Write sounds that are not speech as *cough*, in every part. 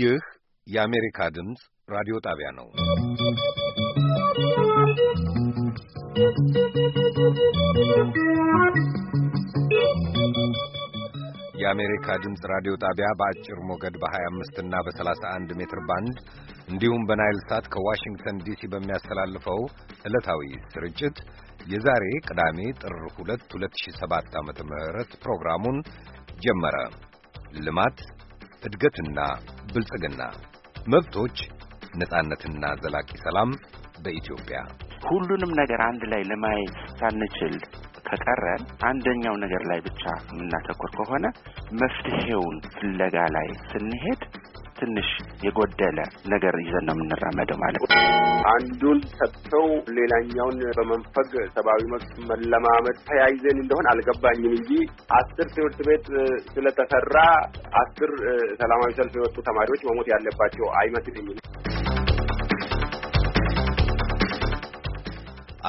ይህ የአሜሪካ ድምፅ ራዲዮ ጣቢያ ነው። የአሜሪካ ድምፅ ራዲዮ ጣቢያ በአጭር ሞገድ በ25 እና በ31 ሜትር ባንድ እንዲሁም በናይል ሳት ከዋሽንግተን ዲሲ በሚያስተላልፈው ዕለታዊ ስርጭት የዛሬ ቅዳሜ ጥር 2 2007 ዓ.ም ፕሮግራሙን ጀመረ። ልማት እድገትና ብልጽግና፣ መብቶች፣ ነጻነትና ዘላቂ ሰላም በኢትዮጵያ ሁሉንም ነገር አንድ ላይ ለማየት ሳንችል ከቀረን አንደኛው ነገር ላይ ብቻ የምናተኩር ከሆነ መፍትሄውን ፍለጋ ላይ ስንሄድ ትንሽ የጎደለ ነገር ይዘን ነው የምንራመደው ማለት ነው። አንዱን ሰጥተው ሌላኛውን በመንፈግ ሰብአዊ መብት መለማመድ ተያይዘን እንደሆን አልገባኝም እንጂ አስር ትምህርት ቤት ስለተሰራ አስር ሰላማዊ ሰልፍ የወጡ ተማሪዎች መሞት ያለባቸው አይመስልኝም።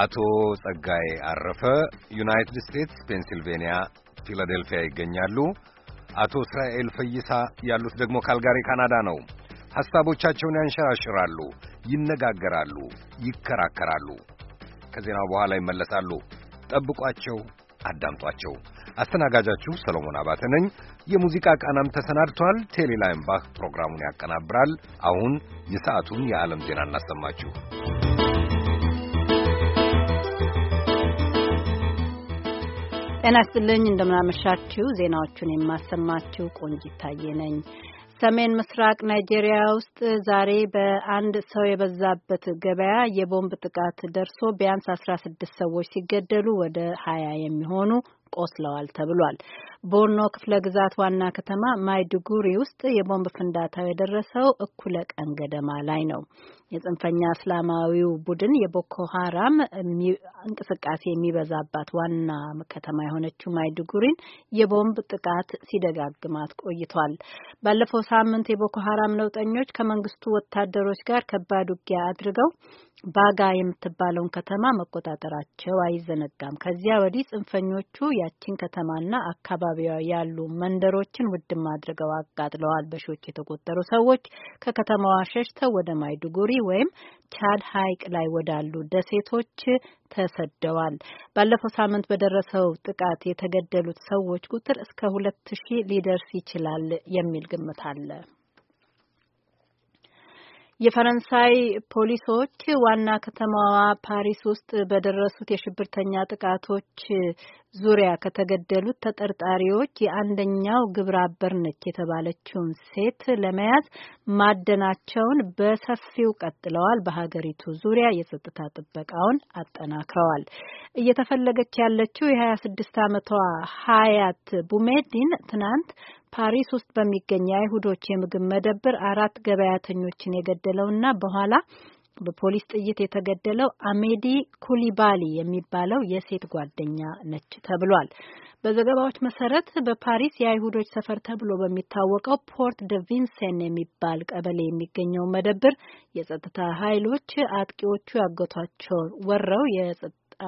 አቶ ጸጋይ አረፈ ዩናይትድ ስቴትስ ፔንሲልቬንያ ፊላዴልፊያ ይገኛሉ። አቶ እስራኤል ፈይሳ ያሉት ደግሞ ካልጋሪ ካናዳ ነው። ሐሳቦቻቸውን ያንሸራሽራሉ፣ ይነጋገራሉ፣ ይከራከራሉ። ከዜናው በኋላ ይመለሳሉ። ጠብቋቸው፣ አዳምጧቸው። አስተናጋጃችሁ ሰሎሞን አባተ ነኝ። የሙዚቃ ቃናም ተሰናድቷል። ቴሌላይም ባህ ፕሮግራሙን ያቀናብራል። አሁን የሰዓቱን የዓለም ዜና እናሰማችሁ። ጤና ይስጥልኝ። እንደምናመሻችሁ። ዜናዎቹን የማሰማችሁ ቆንጂት ታዬ ነኝ። ሰሜን ምስራቅ ናይጄሪያ ውስጥ ዛሬ በአንድ ሰው የበዛበት ገበያ የቦምብ ጥቃት ደርሶ ቢያንስ አስራ ስድስት ሰዎች ሲገደሉ ወደ ሀያ የሚሆኑ ቆስለዋል ተብሏል። ቦርኖ ክፍለ ግዛት ዋና ከተማ ማይዱጉሪ ውስጥ የቦምብ ፍንዳታው የደረሰው እኩለ ቀን ገደማ ላይ ነው። የጽንፈኛ እስላማዊው ቡድን የቦኮ ሀራም እንቅስቃሴ የሚበዛባት ዋና ከተማ የሆነችው ማይዱጉሪን የቦምብ ጥቃት ሲደጋግማት ቆይቷል። ባለፈው ሳምንት የቦኮ ሀራም ነውጠኞች ከመንግስቱ ወታደሮች ጋር ከባድ ውጊያ አድርገው ባጋ የምትባለውን ከተማ መቆጣጠራቸው አይዘነጋም። ከዚያ ወዲህ ጽንፈኞቹ ያቺን ከተማና አካባቢዋ ያሉ መንደሮችን ውድም አድርገው አቃጥለዋል። በሺዎች የተቆጠሩ ሰዎች ከከተማዋ ሸሽተው ወደ ማይዱጉሪ ወይም ቻድ ሐይቅ ላይ ወዳሉ ደሴቶች ተሰደዋል። ባለፈው ሳምንት በደረሰው ጥቃት የተገደሉት ሰዎች ቁጥር እስከ ሁለት ሺህ ሊደርስ ይችላል የሚል ግምት አለ። የፈረንሳይ ፖሊሶች ዋና ከተማዋ ፓሪስ ውስጥ በደረሱት የሽብርተኛ ጥቃቶች ዙሪያ ከተገደሉት ተጠርጣሪዎች የአንደኛው ግብረ አበር ነች የተባለችውን ሴት ለመያዝ ማደናቸውን በሰፊው ቀጥለዋል። በሀገሪቱ ዙሪያ የጸጥታ ጥበቃውን አጠናክረዋል። እየተፈለገች ያለችው የሀያ ስድስት ዓመቷ ሀያት ቡሜዲን ትናንት ፓሪስ ውስጥ በሚገኝ የአይሁዶች የምግብ መደብር አራት ገበያተኞችን የገደለውና በኋላ በፖሊስ ጥይት የተገደለው አሜዲ ኩሊባሊ የሚባለው የሴት ጓደኛ ነች ተብሏል። በዘገባዎች መሰረት በፓሪስ የአይሁዶች ሰፈር ተብሎ በሚታወቀው ፖርት ደ ቪንሴን የሚባል ቀበሌ የሚገኘው መደብር የጸጥታ ኃይሎች አጥቂዎቹ ያገቷቸው ወረው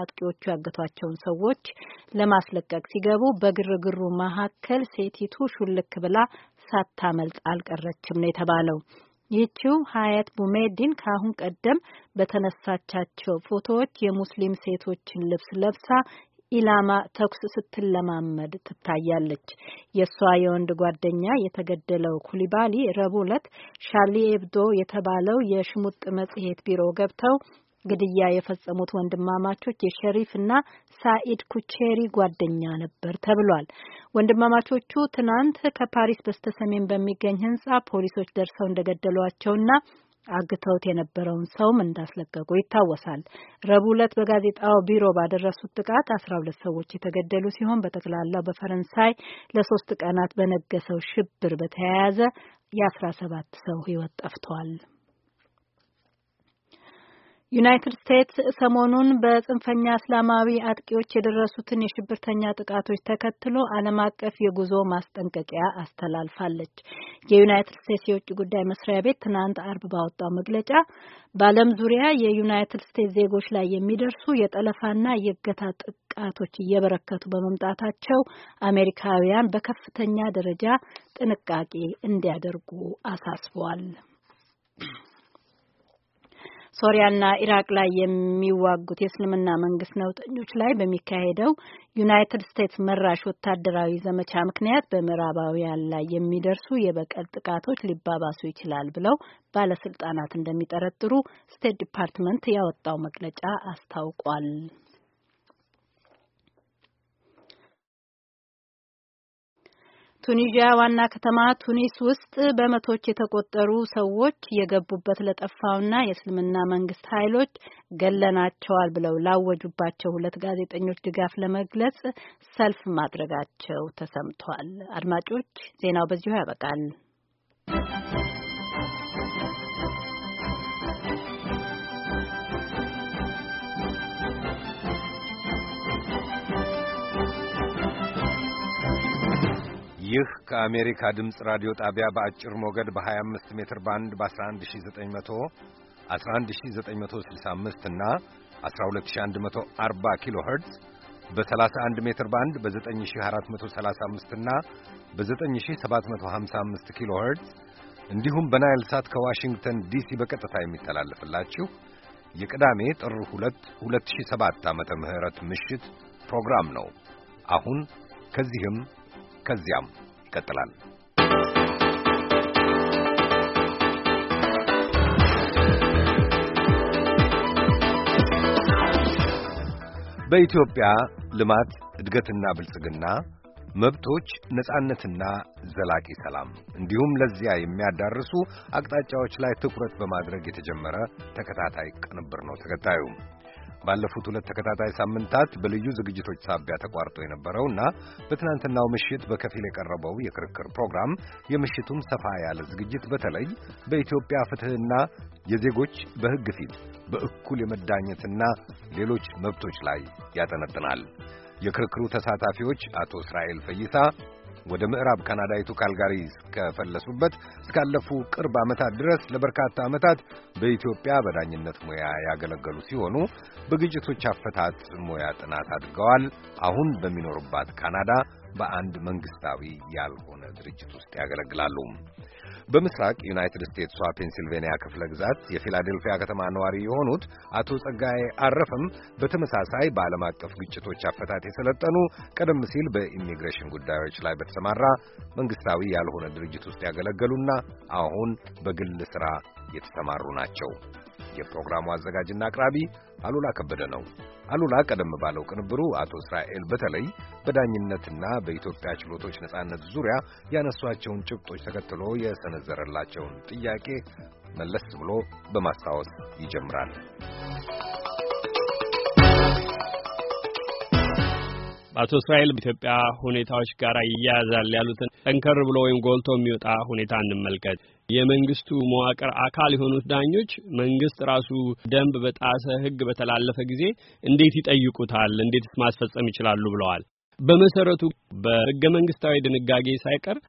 አጥቂዎቹ ያገቷቸውን ሰዎች ለማስለቀቅ ሲገቡ በግርግሩ መካከል ሴቲቱ ሹልክ ብላ ሳታመልጥ አልቀረችም ነው የተባለው። ይህችው ሀያት ቡሜዲን ከአሁን ቀደም በተነሳቻቸው ፎቶዎች የሙስሊም ሴቶችን ልብስ ለብሳ ኢላማ ተኩስ ስትለማመድ ትታያለች። የእሷ የወንድ ጓደኛ የተገደለው ኩሊባሊ ረቡዕ ዕለት ሻርሊ ኤብዶ የተባለው የሽሙጥ መጽሔት ቢሮ ገብተው ግድያ የፈጸሙት ወንድማማቾች የሸሪፍ እና ሳኢድ ኩቼሪ ጓደኛ ነበር ተብሏል። ወንድማማቾቹ ትናንት ከፓሪስ በስተሰሜን በሚገኝ ህንጻ ፖሊሶች ደርሰው እንደገደሏቸውና አግተውት የነበረውን ሰውም እንዳስለቀቁ ይታወሳል። ረቡዕ ዕለት በጋዜጣው ቢሮ ባደረሱት ጥቃት አስራ ሁለት ሰዎች የተገደሉ ሲሆን በጠቅላላው በፈረንሳይ ለሶስት ቀናት በነገሰው ሽብር በተያያዘ የአስራ ሰባት ሰው ህይወት ጠፍቷል። ዩናይትድ ስቴትስ ሰሞኑን በጽንፈኛ እስላማዊ አጥቂዎች የደረሱትን የሽብርተኛ ጥቃቶች ተከትሎ ዓለም አቀፍ የጉዞ ማስጠንቀቂያ አስተላልፋለች። የዩናይትድ ስቴትስ የውጭ ጉዳይ መስሪያ ቤት ትናንት አርብ ባወጣው መግለጫ በዓለም ዙሪያ የዩናይትድ ስቴትስ ዜጎች ላይ የሚደርሱ የጠለፋና የእገታ ጥቃቶች እየበረከቱ በመምጣታቸው አሜሪካውያን በከፍተኛ ደረጃ ጥንቃቄ እንዲያደርጉ አሳስበዋል። ሶሪያና ኢራቅ ላይ የሚዋጉት የእስልምና መንግስት ነውጠኞች ላይ በሚካሄደው ዩናይትድ ስቴትስ መራሽ ወታደራዊ ዘመቻ ምክንያት በምዕራባውያን ላይ የሚደርሱ የበቀል ጥቃቶች ሊባባሱ ይችላል ብለው ባለስልጣናት እንደሚጠረጥሩ ስቴት ዲፓርትመንት ያወጣው መግለጫ አስታውቋል። ቱኒዥያ ዋና ከተማ ቱኒስ ውስጥ በመቶች የተቆጠሩ ሰዎች የገቡበት ለጠፋውና የእስልምና መንግስት ኃይሎች ገለናቸዋል ብለው ላወጁባቸው ሁለት ጋዜጠኞች ድጋፍ ለመግለጽ ሰልፍ ማድረጋቸው ተሰምቷል። አድማጮች ዜናው በዚሁ ያበቃል። ይህ ከአሜሪካ ድምፅ ራዲዮ ጣቢያ በአጭር ሞገድ በ25 ሜትር ባንድ በ11900 11965 እና 12140 ኪሎ ኸርትዝ በ31 ሜትር ባንድ በ9435 እና በ9755 ኪሎ ኸርትዝ እንዲሁም በናይል ሳት ከዋሽንግተን ዲሲ በቀጥታ የሚተላለፍላችሁ የቅዳሜ ጥር 2 2007 ዓመተ ምህረት ምሽት ፕሮግራም ነው። አሁን ከዚህም ከዚያም ይቀጥላል። በኢትዮጵያ ልማት እድገትና ብልጽግና መብቶች፣ ነጻነትና ዘላቂ ሰላም እንዲሁም ለዚያ የሚያዳርሱ አቅጣጫዎች ላይ ትኩረት በማድረግ የተጀመረ ተከታታይ ቅንብር ነው ተከታዩ። ባለፉት ሁለት ተከታታይ ሳምንታት በልዩ ዝግጅቶች ሳቢያ ተቋርጦ የነበረው እና በትናንትናው ምሽት በከፊል የቀረበው የክርክር ፕሮግራም የምሽቱም ሰፋ ያለ ዝግጅት በተለይ በኢትዮጵያ ፍትሕና የዜጎች በሕግ ፊት በእኩል የመዳኘትና ሌሎች መብቶች ላይ ያጠነጥናል። የክርክሩ ተሳታፊዎች አቶ እስራኤል ፈይሳ ወደ ምዕራብ ካናዳይቱ ካልጋሪ እስከፈለሱበት እስካለፉ ቅርብ ዓመታት ድረስ ለበርካታ ዓመታት በኢትዮጵያ በዳኝነት ሙያ ያገለገሉ ሲሆኑ በግጭቶች አፈታት ሙያ ጥናት አድርገዋል። አሁን በሚኖሩባት ካናዳ በአንድ መንግስታዊ ያልሆነ ድርጅት ውስጥ ያገለግላሉ። በምስራቅ ዩናይትድ ስቴትሷ ፔንሲልቬንያ ክፍለ ግዛት የፊላዴልፊያ ከተማ ነዋሪ የሆኑት አቶ ጸጋዬ አረፈም በተመሳሳይ በዓለም አቀፍ ግጭቶች አፈታት የሰለጠኑ ቀደም ሲል በኢሚግሬሽን ጉዳዮች ላይ በተሰማራ መንግስታዊ ያልሆነ ድርጅት ውስጥ ያገለገሉና አሁን በግል ስራ የተሰማሩ ናቸው። የፕሮግራሙ አዘጋጅና አቅራቢ አሉላ ከበደ ነው። አሉላ ቀደም ባለው ቅንብሩ አቶ እስራኤል በተለይ በዳኝነትና በኢትዮጵያ ችሎቶች ነጻነት ዙሪያ ያነሷቸውን ጭብጦች ተከትሎ የሰነዘረላቸውን ጥያቄ መለስ ብሎ በማስታወስ ይጀምራል። አቶ እስራኤል በኢትዮጵያ ሁኔታዎች ጋር ይያያዛል ያሉትን ጠንከር ብሎ ወይም ጎልቶ የሚወጣ ሁኔታ እንመልከት። የመንግስቱ መዋቅር አካል የሆኑት ዳኞች መንግስት ራሱ ደንብ በጣሰ ህግ በተላለፈ ጊዜ እንዴት ይጠይቁታል? እንዴትስ ማስፈጸም ይችላሉ? ብለዋል። በመሰረቱ በህገ መንግስታዊ ድንጋጌ ሳይቀር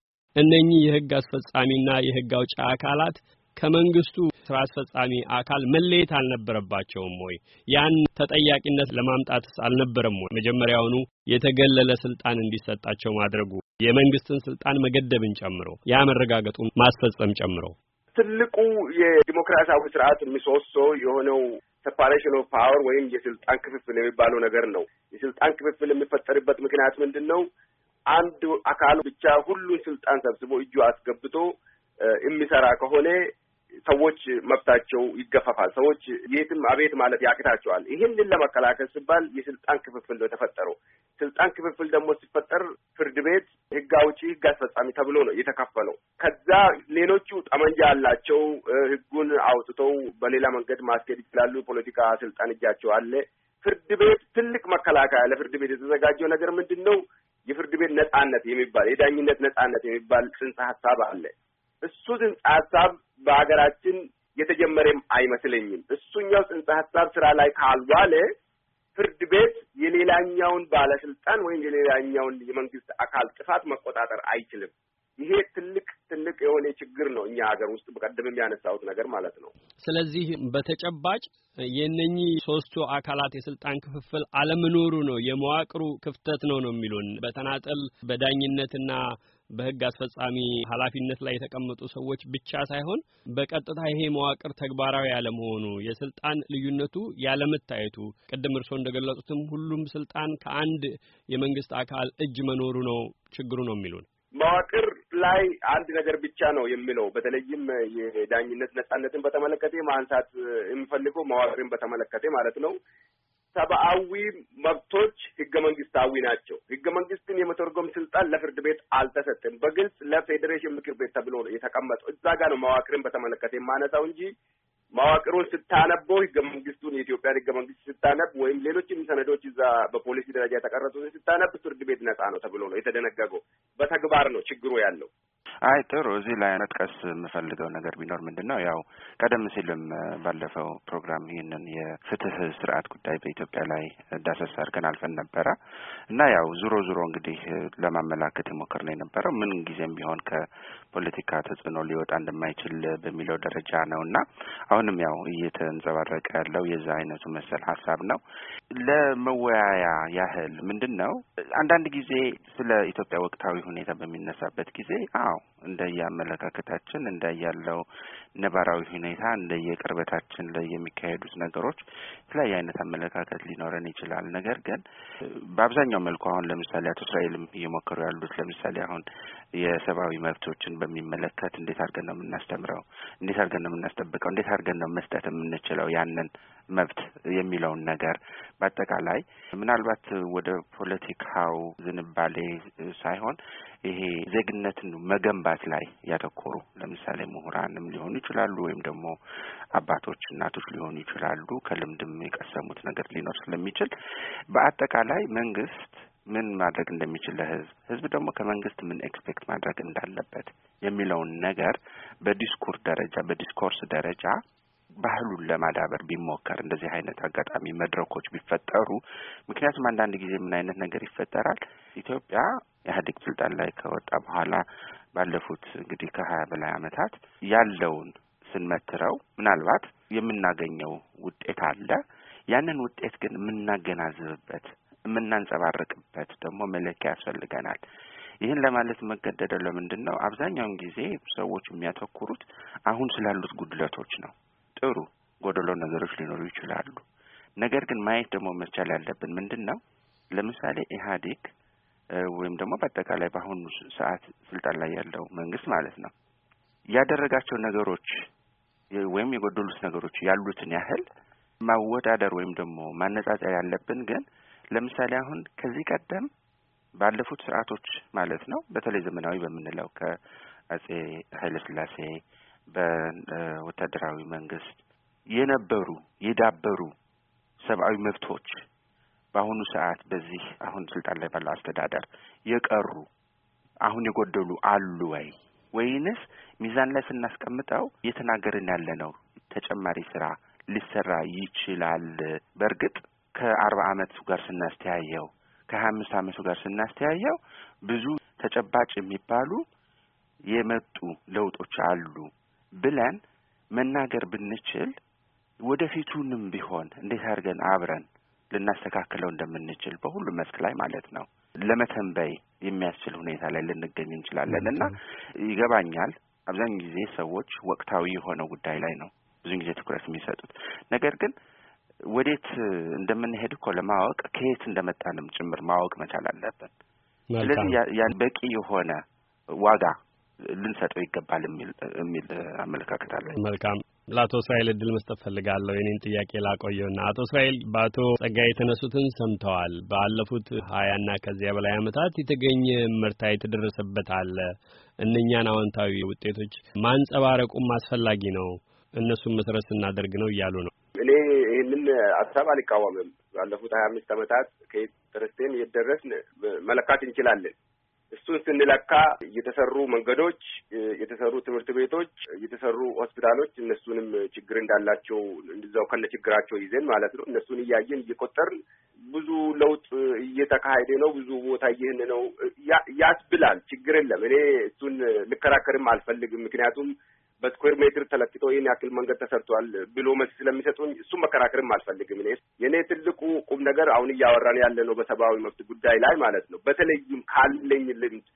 እነኚህ የህግ አስፈጻሚና የህግ አውጪ አካላት ከመንግስቱ ስራ አስፈጻሚ አካል መለየት አልነበረባቸውም ወይ? ያን ተጠያቂነት ለማምጣትስ አልነበረም ወይ? መጀመሪያውኑ የተገለለ ስልጣን እንዲሰጣቸው ማድረጉ የመንግስትን ስልጣን መገደብን ጨምሮ ያ መረጋገጡን ማስፈጸም ጨምሮ ትልቁ የዲሞክራሲያዊ ስርዓት ምሰሶ የሆነው ሴፓሬሽን ኦፍ ፓወር ወይም የስልጣን ክፍፍል የሚባለው ነገር ነው። የስልጣን ክፍፍል የሚፈጠርበት ምክንያት ምንድን ነው? አንድ አካል ብቻ ሁሉን ስልጣን ሰብስቦ እጁ አስገብቶ የሚሰራ ከሆነ ሰዎች መብታቸው ይገፈፋል። ሰዎች የትም አቤት ማለት ያቅታቸዋል። ይህንን ለመከላከል ሲባል የስልጣን ክፍፍል ነው የተፈጠረው። ስልጣን ክፍፍል ደግሞ ሲፈጠር ፍርድ ቤት ህግ አውጪ፣ ህግ አስፈጻሚ ተብሎ ነው የተከፈለው። ከዛ ሌሎቹ ጠመንጃ ያላቸው ህጉን አውጥተው በሌላ መንገድ ማስኬድ ይችላሉ። የፖለቲካ ስልጣን እጃቸው አለ። ፍርድ ቤት ትልቅ መከላከያ ለፍርድ ቤት የተዘጋጀው ነገር ምንድን ነው? የፍርድ ቤት ነጻነት የሚባል የዳኝነት ነጻነት የሚባል ጽንሰ ሀሳብ አለ። እሱ ጽንሰ ሀሳብ በሀገራችን የተጀመረም አይመስለኝም። እሱኛው ጽንሰ ሀሳብ ስራ ላይ ካልዋለ ፍርድ ቤት የሌላኛውን ባለስልጣን ወይም የሌላኛውን የመንግስት አካል ጥፋት መቆጣጠር አይችልም። ይሄ ትልቅ ትልቅ የሆነ ችግር ነው እኛ ሀገር ውስጥ በቀደም ያነሳሁት ነገር ማለት ነው። ስለዚህ በተጨባጭ የእነኚህ ሶስቱ አካላት የስልጣን ክፍፍል አለመኖሩ ነው የመዋቅሩ ክፍተት ነው ነው የሚሉን በተናጠል በዳኝነትና በህግ አስፈጻሚ ኃላፊነት ላይ የተቀመጡ ሰዎች ብቻ ሳይሆን በቀጥታ ይሄ መዋቅር ተግባራዊ ያለመሆኑ የስልጣን ልዩነቱ ያለመታየቱ ቅድም እርስዎ እንደገለጹትም ሁሉም ስልጣን ከአንድ የመንግስት አካል እጅ መኖሩ ነው ችግሩ ነው የሚሉን። መዋቅር ላይ አንድ ነገር ብቻ ነው የሚለው በተለይም የዳኝነት ነጻነትን በተመለከተ ማንሳት የሚፈልገው መዋቅርን በተመለከተ ማለት ነው። ሰብአዊ መብቶች ህገ መንግስታዊ ናቸው። ህገ መንግስትን የመተርጎም ስልጣን ለፍርድ ቤት አልተሰጥም። በግልጽ ለፌዴሬሽን ምክር ቤት ተብሎ የተቀመጠው እዛ ጋር ነው። መዋቅርን በተመለከተ የማነሳው እንጂ መዋቅሩን ስታነበው ህገ መንግስቱን የኢትዮጵያን ህገ መንግስት ስታነብ ወይም ሌሎችን ሰነዶች እዛ በፖሊሲ ደረጃ የተቀረጹትን ስታነብ ፍርድ ቤት ነጻ ነው ተብሎ ነው የተደነገገው። በተግባር ነው ችግሩ ያለው። አይ ጥሩ። እዚህ ላይ መጥቀስ የምፈልገው ነገር ቢኖር ምንድን ነው ያው ቀደም ሲልም ባለፈው ፕሮግራም ይህንን የፍትህ ስርዓት ጉዳይ በኢትዮጵያ ላይ ዳሰሳ አድርገን አልፈን ነበረ እና ያው ዙሮ ዙሮ እንግዲህ ለማመላከት የሞከር ነው የነበረው ምን ጊዜም ቢሆን ከፖለቲካ ተጽዕኖ ሊወጣ እንደማይችል በሚለው ደረጃ ነው እና አሁንም ያው እየተንጸባረቀ ያለው የዛ አይነቱ መሰል ሀሳብ ነው። ለመወያያ ያህል ምንድን ነው አንዳንድ ጊዜ ስለ ኢትዮጵያ ወቅታዊ ሁኔታ በሚነሳበት ጊዜ አዎ ነው። እንደየአመለካከታችን፣ እንደያለው ነባራዊ ሁኔታ፣ እንደየቅርበታችን ላይ የሚካሄዱት ነገሮች የተለያየ አይነት አመለካከት ሊኖረን ይችላል። ነገር ግን በአብዛኛው መልኩ አሁን ለምሳሌ አቶ እስራኤልም እየሞከሩ ያሉት ለምሳሌ አሁን የሰብአዊ መብቶችን በሚመለከት እንዴት አድርገን ነው የምናስተምረው? እንዴት አድርገን ነው የምናስጠብቀው? እንዴት አድርገን ነው መስጠት የምንችለው? ያንን መብት የሚለውን ነገር በአጠቃላይ ምናልባት ወደ ፖለቲካው ዝንባሌ ሳይሆን ይሄ ዜግነትን መገንባት ላይ ያተኮሩ ለምሳሌ ምሁራንም ሊሆኑ ይችላሉ፣ ወይም ደግሞ አባቶች እናቶች ሊሆኑ ይችላሉ። ከልምድም የቀሰሙት ነገር ሊኖር ስለሚችል በአጠቃላይ መንግስት ምን ማድረግ እንደሚችል ለህዝብ ህዝብ ደግሞ ከመንግስት ምን ኤክስፔክት ማድረግ እንዳለበት የሚለውን ነገር በዲስኩር ደረጃ በዲስኮርስ ደረጃ ባህሉን ለማዳበር ቢሞከር እንደዚህ አይነት አጋጣሚ መድረኮች ቢፈጠሩ። ምክንያቱም አንዳንድ ጊዜ ምን አይነት ነገር ይፈጠራል? ኢትዮጵያ ኢህአዴግ ስልጣን ላይ ከወጣ በኋላ ባለፉት እንግዲህ ከሀያ በላይ አመታት ያለውን ስንመትረው ምናልባት የምናገኘው ውጤት አለ። ያንን ውጤት ግን የምናገናዝብበት የምናንጸባርቅበት ደግሞ መለኪያ ያስፈልገናል። ይህን ለማለት መገደደው ለምንድን ነው? አብዛኛውን ጊዜ ሰዎች የሚያተኩሩት አሁን ስላሉት ጉድለቶች ነው። ጥሩ ጎደሎ ነገሮች ሊኖሩ ይችላሉ። ነገር ግን ማየት ደግሞ መቻል ያለብን ምንድን ነው፣ ለምሳሌ ኢህአዴግ ወይም ደግሞ በአጠቃላይ በአሁኑ ሰዓት ስልጣን ላይ ያለው መንግስት ማለት ነው ያደረጋቸው ነገሮች ወይም የጎደሉት ነገሮች ያሉትን ያህል ማወዳደር ወይም ደግሞ ማነጻጸር ያለብን ግን ለምሳሌ አሁን ከዚህ ቀደም ባለፉት ስርዓቶች ማለት ነው በተለይ ዘመናዊ በምንለው ከአጼ ኃይለስላሴ በወታደራዊ መንግስት የነበሩ የዳበሩ ሰብአዊ መብቶች በአሁኑ ሰዓት በዚህ አሁን ስልጣን ላይ ባለው አስተዳደር የቀሩ አሁን የጎደሉ አሉ ወይ ወይንስ ሚዛን ላይ ስናስቀምጠው እየተናገርን ያለ ነው ተጨማሪ ስራ ሊሰራ ይችላል። በእርግጥ ከአርባ አመቱ ጋር ስናስተያየው ከሀያ አምስት አመቱ ጋር ስናስተያየው ብዙ ተጨባጭ የሚባሉ የመጡ ለውጦች አሉ። ብለን መናገር ብንችል ወደፊቱንም ቢሆን እንዴት አድርገን አብረን ልናስተካክለው እንደምንችል በሁሉም መስክ ላይ ማለት ነው ለመተንበይ የሚያስችል ሁኔታ ላይ ልንገኝ እንችላለን እና ይገባኛል። አብዛኛው ጊዜ ሰዎች ወቅታዊ የሆነው ጉዳይ ላይ ነው ብዙን ጊዜ ትኩረት የሚሰጡት። ነገር ግን ወዴት እንደምንሄድ እኮ ለማወቅ ከየት እንደመጣንም ጭምር ማወቅ መቻል አለብን። ስለዚህ ያን በቂ የሆነ ዋጋ ልንሰጠው ይገባል የሚል የሚል አመለካከት አለ። መልካም ለአቶ እስራኤል እድል መስጠት ፈልጋለሁ። የኔን ጥያቄ ላቆየውና አቶ እስራኤል በአቶ ጸጋይ የተነሱትን ሰምተዋል። ባለፉት ሀያና ከዚያ በላይ አመታት የተገኘ ምርታ የተደረሰበት አለ። እነኛን አዎንታዊ ውጤቶች ማንጸባረቁም አስፈላጊ ነው፣ እነሱን መሰረት ስናደርግ ነው እያሉ ነው። እኔ ይህንን ሀሳብ አልቃወምም። ባለፉት ሀያ አምስት አመታት ከየት ተነስተን የት ደረስን መለካት እንችላለን። እሱን ስንለካ የተሰሩ መንገዶች፣ የተሰሩ ትምህርት ቤቶች፣ የተሰሩ ሆስፒታሎች እነሱንም ችግር እንዳላቸው እንደዛው ከነ ችግራቸው ይዘን ማለት ነው እነሱን እያየን እየቆጠርን ብዙ ለውጥ እየተካሄደ ነው። ብዙ ቦታ እየህን ነው ያስብላል። ችግር የለም። እኔ እሱን ልከራከርም አልፈልግም። ምክንያቱም በስኩዌር ሜትር ተለክቶ ይህን ያክል መንገድ ተሰርቷል ብሎ መልስ ስለሚሰጡኝ እሱም መከራከርም አልፈልግም። እኔ የእኔ ትልቁ ቁም ነገር አሁን እያወራን ያለ ነው በሰብአዊ መብት ጉዳይ ላይ ማለት ነው። በተለይም ካለኝ ልምድ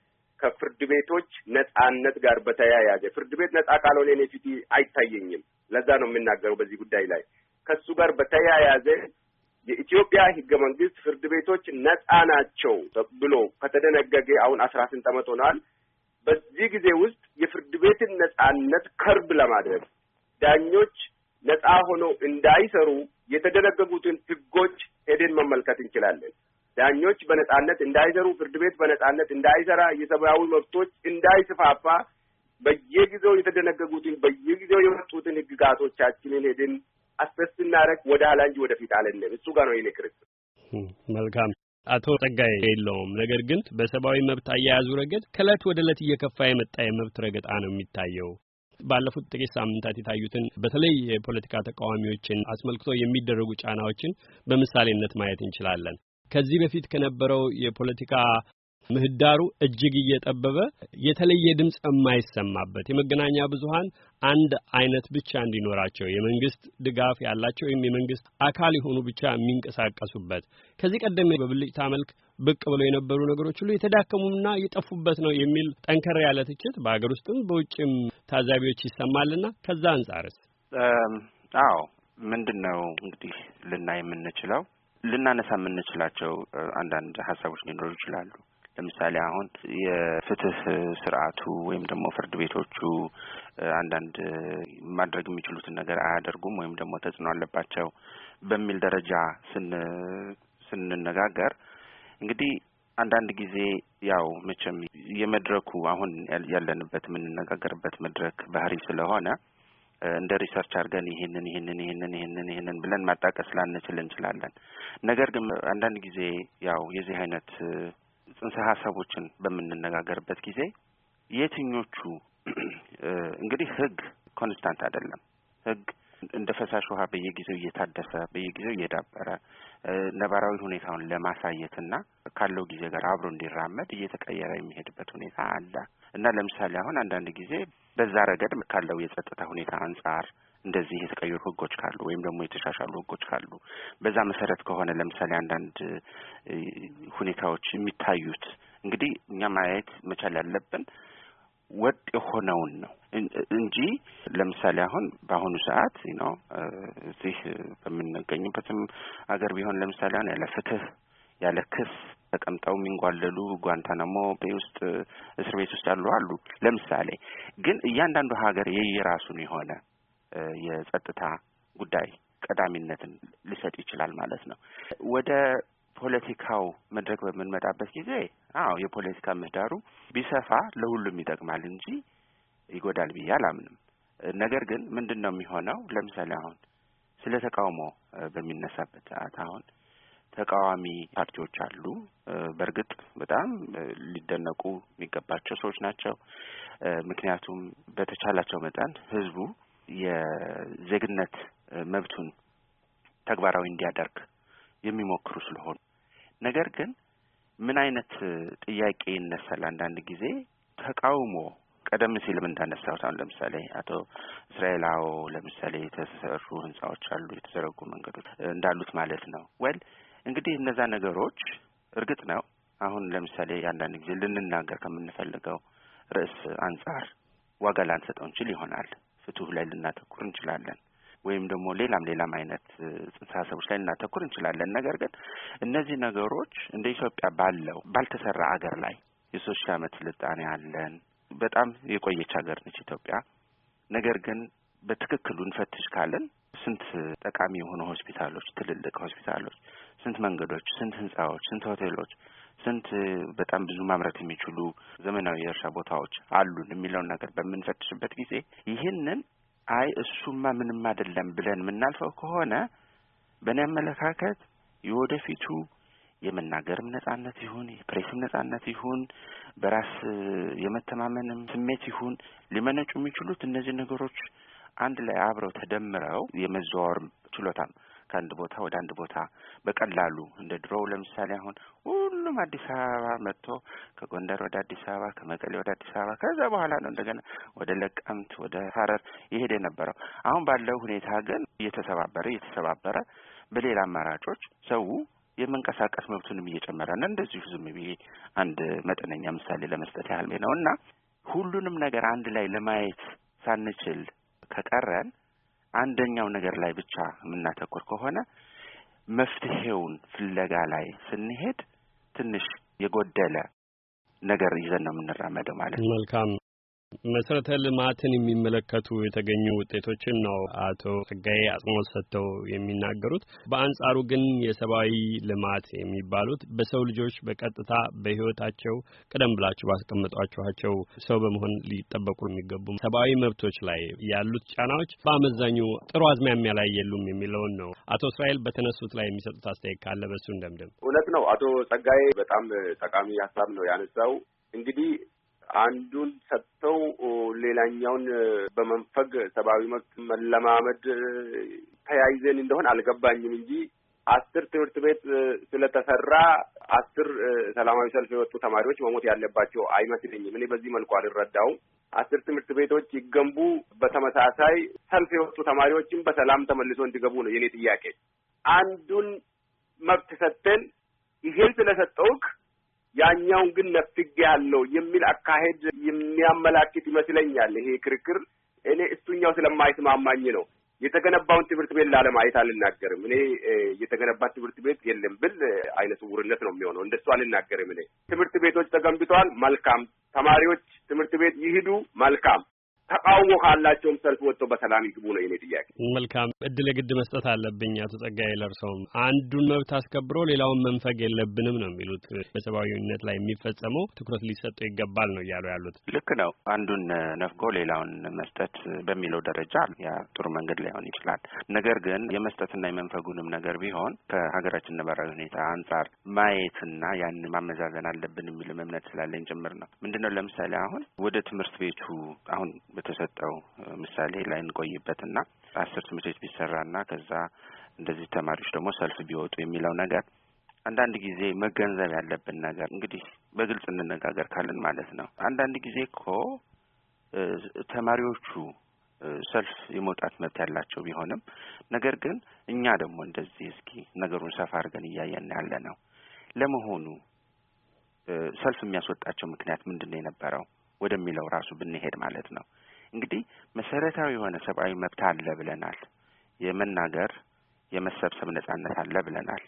ከፍርድ ቤቶች ነጻነት ጋር በተያያዘ ፍርድ ቤት ነጻ ካልሆነ እኔ ፊት አይታየኝም። ለዛ ነው የምናገረው በዚህ ጉዳይ ላይ ከሱ ጋር በተያያዘ የኢትዮጵያ ሕገ መንግስት ፍርድ ቤቶች ነጻ ናቸው ብሎ ከተደነገገ አሁን አስራ ስንት ዓመት ሆነዋል። በዚህ ጊዜ ውስጥ የፍርድ ቤትን ነጻነት ከርብ ለማድረግ ዳኞች ነጻ ሆነው እንዳይሰሩ የተደነገጉትን ህጎች ሄደን መመልከት እንችላለን። ዳኞች በነጻነት እንዳይሰሩ፣ ፍርድ ቤት በነጻነት እንዳይሰራ፣ የሰብአዊ መብቶች እንዳይስፋፋ በየጊዜው የተደነገጉትን በየጊዜው የመጡትን ህግጋቶቻችንን ሄድን አስፈስ ወደ ኋላ እንጂ ወደፊት አለንም። እሱ ጋር ነው የኔ ክርክር። መልካም አቶ ጸጋዬ የለውም። ነገር ግን በሰብአዊ መብት አያያዙ ረገድ ከእለት ወደ እለት እየከፋ የመጣ የመብት ረገጣ ነው የሚታየው። ባለፉት ጥቂት ሳምንታት የታዩትን በተለይ የፖለቲካ ተቃዋሚዎችን አስመልክቶ የሚደረጉ ጫናዎችን በምሳሌነት ማየት እንችላለን። ከዚህ በፊት ከነበረው የፖለቲካ ምህዳሩ እጅግ እየጠበበ የተለየ ድምፅ የማይሰማበት የመገናኛ ብዙሀን አንድ አይነት ብቻ እንዲኖራቸው የመንግስት ድጋፍ ያላቸው ወይም የመንግስት አካል የሆኑ ብቻ የሚንቀሳቀሱበት ከዚህ ቀደም በብልጭታ መልክ ብቅ ብለው የነበሩ ነገሮች ሁሉ የተዳከሙና የጠፉበት ነው የሚል ጠንከር ያለ ትችት በሀገር ውስጥም በውጭም ታዛቢዎች ይሰማልና ከዛ አንጻርስ? አዎ ምንድን ነው እንግዲህ ልና የምንችለው ልናነሳ የምንችላቸው አንዳንድ ሀሳቦች ሊኖሩ ይችላሉ። ለምሳሌ አሁን የፍትህ ስርዓቱ ወይም ደግሞ ፍርድ ቤቶቹ አንዳንድ ማድረግ የሚችሉትን ነገር አያደርጉም ወይም ደግሞ ተጽዕኖ አለባቸው በሚል ደረጃ ስን ስንነጋገር እንግዲህ አንዳንድ ጊዜ ያው መቼም የመድረኩ አሁን ያለንበት የምንነጋገርበት መድረክ ባህሪ ስለሆነ እንደ ሪሰርች አድርገን ይህንን ይህንን ይህንን ይህንን ይህንን ብለን ማጣቀስ ላንችል እንችላለን። ነገር ግን አንዳንድ ጊዜ ያው የዚህ አይነት ጽንሰ ሀሳቦችን በምንነጋገርበት ጊዜ የትኞቹ *clears throat* እንግዲህ ህግ ኮንስታንት አይደለም። ህግ እንደ ፈሳሽ ውሃ በየጊዜው እየታደሰ በየጊዜው እየዳበረ ነባራዊ ሁኔታውን ለማሳየትና ካለው ጊዜ ጋር አብሮ እንዲራመድ እየተቀየረ የሚሄድበት ሁኔታ አለ እና ለምሳሌ አሁን አንዳንድ ጊዜ በዛ ረገድ ካለው የጸጥታ ሁኔታ አንጻር እንደዚህ የተቀየሩ ህጎች ካሉ ወይም ደግሞ የተሻሻሉ ህጎች ካሉ በዛ መሰረት ከሆነ ለምሳሌ አንዳንድ ሁኔታዎች የሚታዩት እንግዲህ እኛ ማየት መቻል ያለብን ወጥ የሆነውን ነው እንጂ ለምሳሌ አሁን በአሁኑ ሰዓት ነው እዚህ በምንገኝበትም አገር ቢሆን ለምሳሌ አሁን ያለ ፍትህ ያለ ክስ ተቀምጠው የሚንጓለሉ ጓንታናሞ ቤይ ውስጥ እስር ቤት ውስጥ ያሉ አሉ። ለምሳሌ ግን እያንዳንዱ ሀገር የየራሱን የሆነ የጸጥታ ጉዳይ ቀዳሚነትን ሊሰጥ ይችላል ማለት ነው። ወደ ፖለቲካው መድረክ በምንመጣበት ጊዜ አዎ የፖለቲካ ምህዳሩ ቢሰፋ ለሁሉም ይጠቅማል እንጂ ይጎዳል ብዬ አላምንም። ነገር ግን ምንድን ነው የሚሆነው? ለምሳሌ አሁን ስለ ተቃውሞ በሚነሳበት ሰዓት አሁን ተቃዋሚ ፓርቲዎች አሉ። በእርግጥ በጣም ሊደነቁ የሚገባቸው ሰዎች ናቸው። ምክንያቱም በተቻላቸው መጠን ህዝቡ የዜግነት መብቱን ተግባራዊ እንዲያደርግ የሚሞክሩ ስለሆኑ ነገር ግን ምን አይነት ጥያቄ ይነሳል? አንዳንድ ጊዜ ተቃውሞ ቀደም ሲልም እንዳነሳሁት አሁን ለምሳሌ አቶ እስራኤል አዎ፣ ለምሳሌ የተሰሩ ህንጻዎች አሉ፣ የተዘረጉ መንገዶች እንዳሉት ማለት ነው። ወል እንግዲህ እነዛ ነገሮች እርግጥ ነው አሁን ለምሳሌ አንዳንድ ጊዜ ልንናገር ከምንፈልገው ርዕስ አንጻር ዋጋ ላንሰጠው እንችል ይሆናል። ፍትህ ላይ ልናተኩር እንችላለን ወይም ደግሞ ሌላም ሌላም አይነት ጽንሰ ሀሳቦች ላይ ልናተኩር እንችላለን። ነገር ግን እነዚህ ነገሮች እንደ ኢትዮጵያ ባለው ባልተሰራ ሀገር ላይ የሶስት ሺህ ዓመት ስልጣኔ አለን። በጣም የቆየች ሀገር ነች ኢትዮጵያ። ነገር ግን በትክክሉ እንፈትሽ ካለን ስንት ጠቃሚ የሆኑ ሆስፒታሎች፣ ትልልቅ ሆስፒታሎች፣ ስንት መንገዶች፣ ስንት ህንጻዎች፣ ስንት ሆቴሎች ስንት በጣም ብዙ ማምረት የሚችሉ ዘመናዊ የእርሻ ቦታዎች አሉን የሚለውን ነገር በምንፈትሽበት ጊዜ ይህንን አይ እሱማ ምንም አይደለም ብለን የምናልፈው ከሆነ በእኔ አመለካከት የወደፊቱ የመናገርም ነጻነት ይሁን የፕሬስም ነጻነት ይሁን በራስ የመተማመንም ስሜት ይሁን ሊመነጩ የሚችሉት እነዚህ ነገሮች አንድ ላይ አብረው ተደምረው የመዘዋወር ችሎታ ነው። ከአንድ ቦታ ወደ አንድ ቦታ በቀላሉ እንደ ድሮው ለምሳሌ አሁን ሁሉም አዲስ አበባ መጥቶ ከጎንደር ወደ አዲስ አበባ፣ ከመቀሌ ወደ አዲስ አበባ ከዛ በኋላ ነው እንደገና ወደ ለቀምት ወደ ሀረር የሄደ የነበረው። አሁን ባለው ሁኔታ ግን እየተሰባበረ እየተሰባበረ በሌላ አማራጮች ሰው የመንቀሳቀስ መብቱንም እየጨመረ እና እንደዚሁ ዝም ብዬ አንድ መጠነኛ ምሳሌ ለመስጠት ያህል ነው እና ሁሉንም ነገር አንድ ላይ ለማየት ሳንችል ከቀረን አንደኛው ነገር ላይ ብቻ የምናተኩር ከሆነ መፍትሄውን ፍለጋ ላይ ስንሄድ ትንሽ የጎደለ ነገር ይዘን ነው የምንራመደው ማለት ነው። መልካም መሰረተ ልማትን የሚመለከቱ የተገኙ ውጤቶችን ነው አቶ ጸጋዬ አጽንኦት ሰጥተው የሚናገሩት። በአንጻሩ ግን የሰብአዊ ልማት የሚባሉት በሰው ልጆች በቀጥታ በህይወታቸው ቀደም ብላችሁ ባስቀመጧችኋቸው ሰው በመሆን ሊጠበቁ የሚገቡ ሰብአዊ መብቶች ላይ ያሉት ጫናዎች በአመዛኙ ጥሩ አዝማሚያ ላይ የሉም የሚለውን ነው። አቶ እስራኤል በተነሱት ላይ የሚሰጡት አስተያየት ካለ በሱ እንደምድም። እውነት ነው። አቶ ጸጋዬ በጣም ጠቃሚ ሀሳብ ነው ያነሳው። እንግዲህ አንዱን ሰጥተው ሌላኛውን በመንፈግ ሰብአዊ መብት መለማመድ ተያይዘን እንደሆን አልገባኝም እንጂ አስር ትምህርት ቤት ስለተሰራ አስር ሰላማዊ ሰልፍ የወጡ ተማሪዎች መሞት ያለባቸው አይመስለኝም። እኔ በዚህ መልኩ አልረዳውም። አስር ትምህርት ቤቶች ይገንቡ፣ በተመሳሳይ ሰልፍ የወጡ ተማሪዎችም በሰላም ተመልሶ እንዲገቡ ነው የኔ ጥያቄ። አንዱን መብት ሰጥተን ይሄን ስለሰጠውክ ያኛውን ግን ነፍግ ያለው የሚል አካሄድ የሚያመላክት ይመስለኛል። ይሄ ክርክር እኔ እሱኛው ስለማይስማማኝ ነው። የተገነባውን ትምህርት ቤት ላለማየት አልናገርም። እኔ የተገነባ ትምህርት ቤት የለም ብል አይነ ስውርነት ነው የሚሆነው። እንደሱ አልናገርም። እኔ ትምህርት ቤቶች ተገንብተዋል፣ መልካም። ተማሪዎች ትምህርት ቤት ይሂዱ፣ መልካም። ተቃውሞ ካላቸውም ሰልፍ ወጥተው በሰላም ይግቡ ነው የኔ ጥያቄ። መልካም እድል ግድ መስጠት አለብኝ። አቶ ጸጋዬ ለእርሰውም አንዱን መብት አስከብሮ ሌላውን መንፈግ የለብንም ነው የሚሉት። በሰብአዊነት ላይ የሚፈጸመው ትኩረት ሊሰጠው ይገባል ነው እያሉ ያሉት። ልክ ነው። አንዱን ነፍጎ ሌላውን መስጠት በሚለው ደረጃ ያ ጥሩ መንገድ ላይሆን ይችላል። ነገር ግን የመስጠትና የመንፈጉንም ነገር ቢሆን ከሀገራችን ነባራዊ ሁኔታ አንጻር ማየትና ያን ማመዛዘን አለብን የሚልም እምነት ስላለኝ ጭምር ነው። ምንድነው ለምሳሌ አሁን ወደ ትምህርት ቤቱ አሁን በተሰጠው ምሳሌ ላይ እንቆይበትና አስር ትምህርት ቤት ቢሰራና ከዛ እንደዚህ ተማሪዎች ደግሞ ሰልፍ ቢወጡ የሚለው ነገር አንዳንድ ጊዜ መገንዘብ ያለብን ነገር እንግዲህ በግልጽ እንነጋገር ካልን ማለት ነው። አንዳንድ ጊዜ እኮ ተማሪዎቹ ሰልፍ የመውጣት መብት ያላቸው ቢሆንም ነገር ግን እኛ ደግሞ እንደዚህ እስኪ ነገሩን ሰፋ አድርገን እያየን ያለ ነው። ለመሆኑ ሰልፍ የሚያስወጣቸው ምክንያት ምንድን ነው የነበረው ወደሚለው ራሱ ብንሄድ ማለት ነው እንግዲህ መሰረታዊ የሆነ ሰብአዊ መብት አለ ብለናል። የመናገር የመሰብሰብ ነጻነት አለ ብለናል።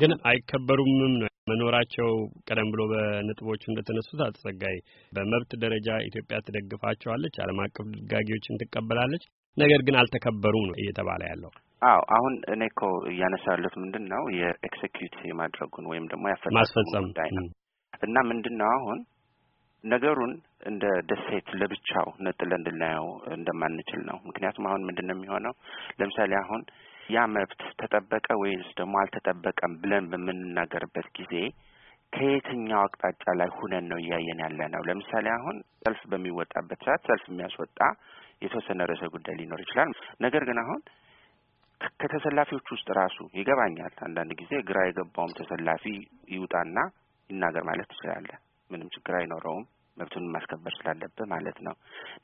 ግን አይከበሩምም ነው መኖራቸው ቀደም ብሎ በነጥቦቹ እንደተነሱት አጸጋይ በመብት ደረጃ ኢትዮጵያ ትደግፋቸዋለች፣ ዓለም አቀፍ ድንጋጌዎችን ትቀበላለች። ነገር ግን አልተከበሩም ነው እየተባለ ያለው። አዎ አሁን እኔ እኮ እያነሳ ምንድን ነው የኤክሴኪዩት የማድረጉን ወይም ደግሞ ያፈማስፈጸም ጉዳይ ነው እና ምንድን ነው አሁን ነገሩን እንደ ደሴት ለብቻው ነጥለን እንድናየው እንደማንችል ነው። ምክንያቱም አሁን ምንድን ነው የሚሆነው? ለምሳሌ አሁን ያ መብት ተጠበቀ ወይንስ ደግሞ አልተጠበቀም ብለን በምንናገርበት ጊዜ ከየትኛው አቅጣጫ ላይ ሁነን ነው እያየን ያለ ነው? ለምሳሌ አሁን ሰልፍ በሚወጣበት ሰዓት ሰልፍ የሚያስወጣ የተወሰነ ርዕሰ ጉዳይ ሊኖር ይችላል። ነገር ግን አሁን ከተሰላፊዎች ውስጥ ራሱ ይገባኛል። አንዳንድ ጊዜ ግራ የገባውም ተሰላፊ ይውጣና ይናገር ማለት ትችላለህ። ምንም ችግር አይኖረውም። መብቱን ማስከበር ስላለብህ ማለት ነው።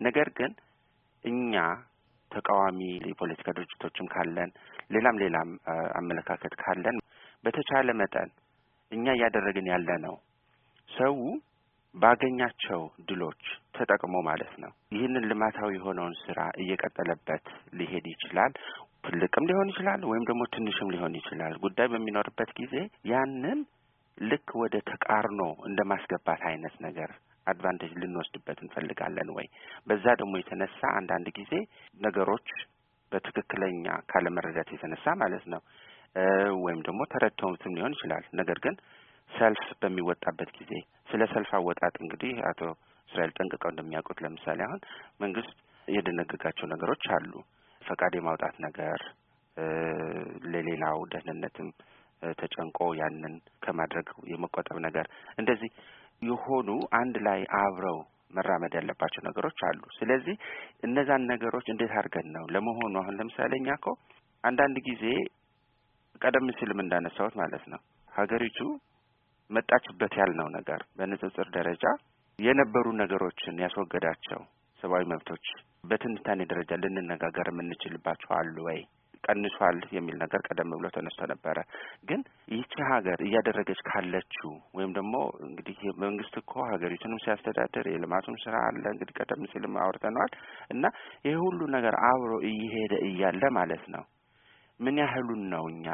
ነገር ግን እኛ ተቃዋሚ የፖለቲካ ድርጅቶችም ካለን ሌላም ሌላም አመለካከት ካለን በተቻለ መጠን እኛ እያደረግን ያለ ነው ሰው ባገኛቸው ድሎች ተጠቅሞ ማለት ነው ይህንን ልማታዊ የሆነውን ስራ እየቀጠለበት ሊሄድ ይችላል። ትልቅም ሊሆን ይችላል ወይም ደግሞ ትንሽም ሊሆን ይችላል። ጉዳይ በሚኖርበት ጊዜ ያንን ልክ ወደ ተቃርኖ እንደ ማስገባት አይነት ነገር አድቫንቴጅ ልንወስድበት እንፈልጋለን ወይ? በዛ ደግሞ የተነሳ አንዳንድ ጊዜ ነገሮች በትክክለኛ ካለመረዳት የተነሳ ማለት ነው ወይም ደግሞ ተረድተውትም ሊሆን ይችላል። ነገር ግን ሰልፍ በሚወጣበት ጊዜ ስለ ሰልፍ አወጣጥ እንግዲህ አቶ እስራኤል ጠንቅቀው እንደሚያውቁት ለምሳሌ አሁን መንግስት የደነገጋቸው ነገሮች አሉ። ፈቃድ የማውጣት ነገር ለሌላው ደህንነትም ተጨንቆ ያንን ከማድረግ የመቆጠብ ነገር እንደዚህ የሆኑ አንድ ላይ አብረው መራመድ ያለባቸው ነገሮች አሉ። ስለዚህ እነዛን ነገሮች እንዴት አድርገን ነው ለመሆኑ አሁን ለምሳሌ እኛ እኮ አንዳንድ ጊዜ ቀደም ሲልም እንዳነሳሁት ማለት ነው ሀገሪቱ መጣችበት ያልነው ነገር በንጽጽር ደረጃ የነበሩ ነገሮችን ያስወገዳቸው ሰብአዊ መብቶች በትንታኔ ደረጃ ልንነጋገር የምንችልባቸው አሉ ወይ ቀንሷል የሚል ነገር ቀደም ብሎ ተነስቶ ነበረ። ግን ይቺ ሀገር እያደረገች ካለችው ወይም ደግሞ እንግዲህ መንግስት እኮ ሀገሪቱንም ሲያስተዳድር የልማቱም ስራ አለ እንግዲህ ቀደም ሲልም አውርተነዋል እና ይህ ሁሉ ነገር አብሮ እየሄደ እያለ ማለት ነው ምን ያህሉን ነው እኛ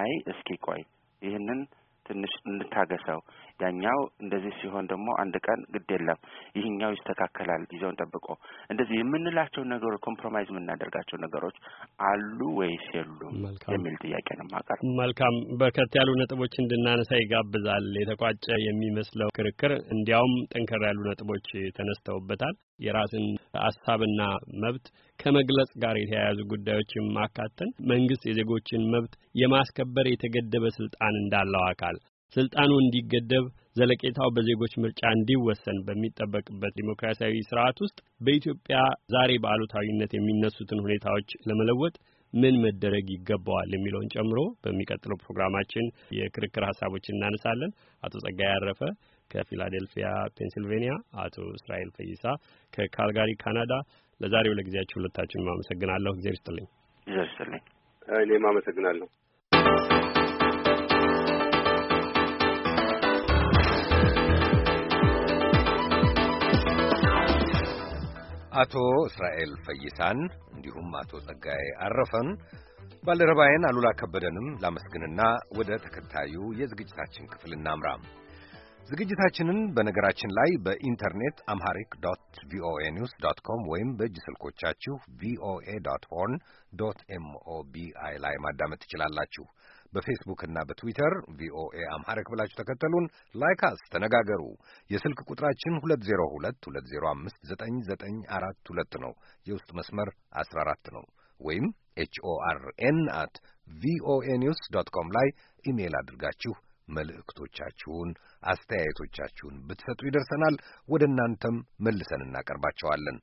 አይ እስኪ ቆይ ይህንን ትንሽ እንታገሰው፣ ያኛው እንደዚህ ሲሆን ደግሞ አንድ ቀን ግድ የለም ይህኛው ይስተካከላል፣ ጊዜውን ጠብቆ እንደዚህ የምንላቸው ነገሮች ኮምፕሮማይዝ የምናደርጋቸው ነገሮች አሉ ወይስ የሉም የሚል ጥያቄ ነው ማቀር። መልካም በርከት ያሉ ነጥቦች እንድናነሳ ይጋብዛል። የተቋጨ የሚመስለው ክርክር እንዲያውም ጠንከር ያሉ ነጥቦች ተነስተውበታል። የራስን ሀሳብና መብት ከመግለጽ ጋር የተያያዙ ጉዳዮችን ማካተን መንግስት የዜጎችን መብት የማስከበር የተገደበ ስልጣን እንዳለው አካል ስልጣኑ እንዲገደብ ዘለቄታው በዜጎች ምርጫ እንዲወሰን በሚጠበቅበት ዲሞክራሲያዊ ስርዓት ውስጥ በኢትዮጵያ ዛሬ በአሉታዊነት የሚነሱትን ሁኔታዎች ለመለወጥ ምን መደረግ ይገባዋል የሚለውን ጨምሮ በሚቀጥለው ፕሮግራማችን የክርክር ሀሳቦችን እናነሳለን። አቶ ጸጋይ አረፈ ከፊላዴልፊያ ፔንሲልቬኒያ፣ አቶ እስራኤል ፈይሳ ከካልጋሪ ካናዳ፣ ለዛሬው ለጊዜያችሁ ሁለታችሁንም አመሰግናለሁ። እግዜር ይስጥልኝ። እግዜር ይስጥልኝ። እኔም አመሰግናለሁ። አቶ እስራኤል ፈይሳን እንዲሁም አቶ ጸጋዬ አረፈን ባልደረባዬን አሉላ ከበደንም ላመስግንና ወደ ተከታዩ የዝግጅታችን ክፍል እናምራ። ዝግጅታችንን በነገራችን ላይ በኢንተርኔት አምሃሪክ ዶት ቪኦኤ ኒውስ ዶት ኮም ወይም በእጅ ስልኮቻችሁ ቪኦኤ ዶት ሆርን ዶት ኤምኦቢአይ ላይ ማዳመጥ ትችላላችሁ። በፌስቡክ እና በትዊተር ቪኦኤ አምሃሪክ ብላችሁ ተከተሉን፣ ላይካስ ተነጋገሩ። የስልክ ቁጥራችን 2022059942 ነው። የውስጥ መስመር 14 ነው። ወይም ኤችኦአርኤን አት ቪኦኤ ኒውስ ዶት ኮም ላይ ኢሜይል አድርጋችሁ መልእክቶቻችሁን፣ አስተያየቶቻችሁን ብትሰጡ ይደርሰናል። ወደ እናንተም መልሰን እናቀርባቸዋለን።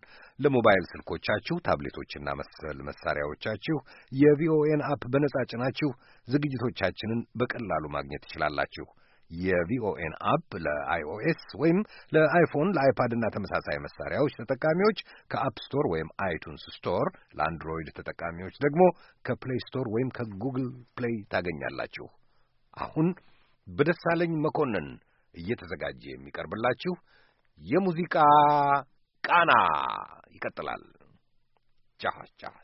ለሞባይል ስልኮቻችሁ፣ ታብሌቶችና መሰል መሳሪያዎቻችሁ የቪኦኤን አፕ በነጻ ጭናችሁ ዝግጅቶቻችንን በቀላሉ ማግኘት ትችላላችሁ። የቪኦኤን አፕ ለአይኦኤስ ወይም ለአይፎን ለአይፓድ እና ተመሳሳይ መሳሪያዎች ተጠቃሚዎች ከአፕ ስቶር ወይም አይቱንስ ስቶር፣ ለአንድሮይድ ተጠቃሚዎች ደግሞ ከፕሌይ ስቶር ወይም ከጉግል ፕሌይ ታገኛላችሁ። አሁን በደሳለኝ መኮንን እየተዘጋጀ የሚቀርብላችሁ የሙዚቃ ቃና ይቀጥላል። ጃ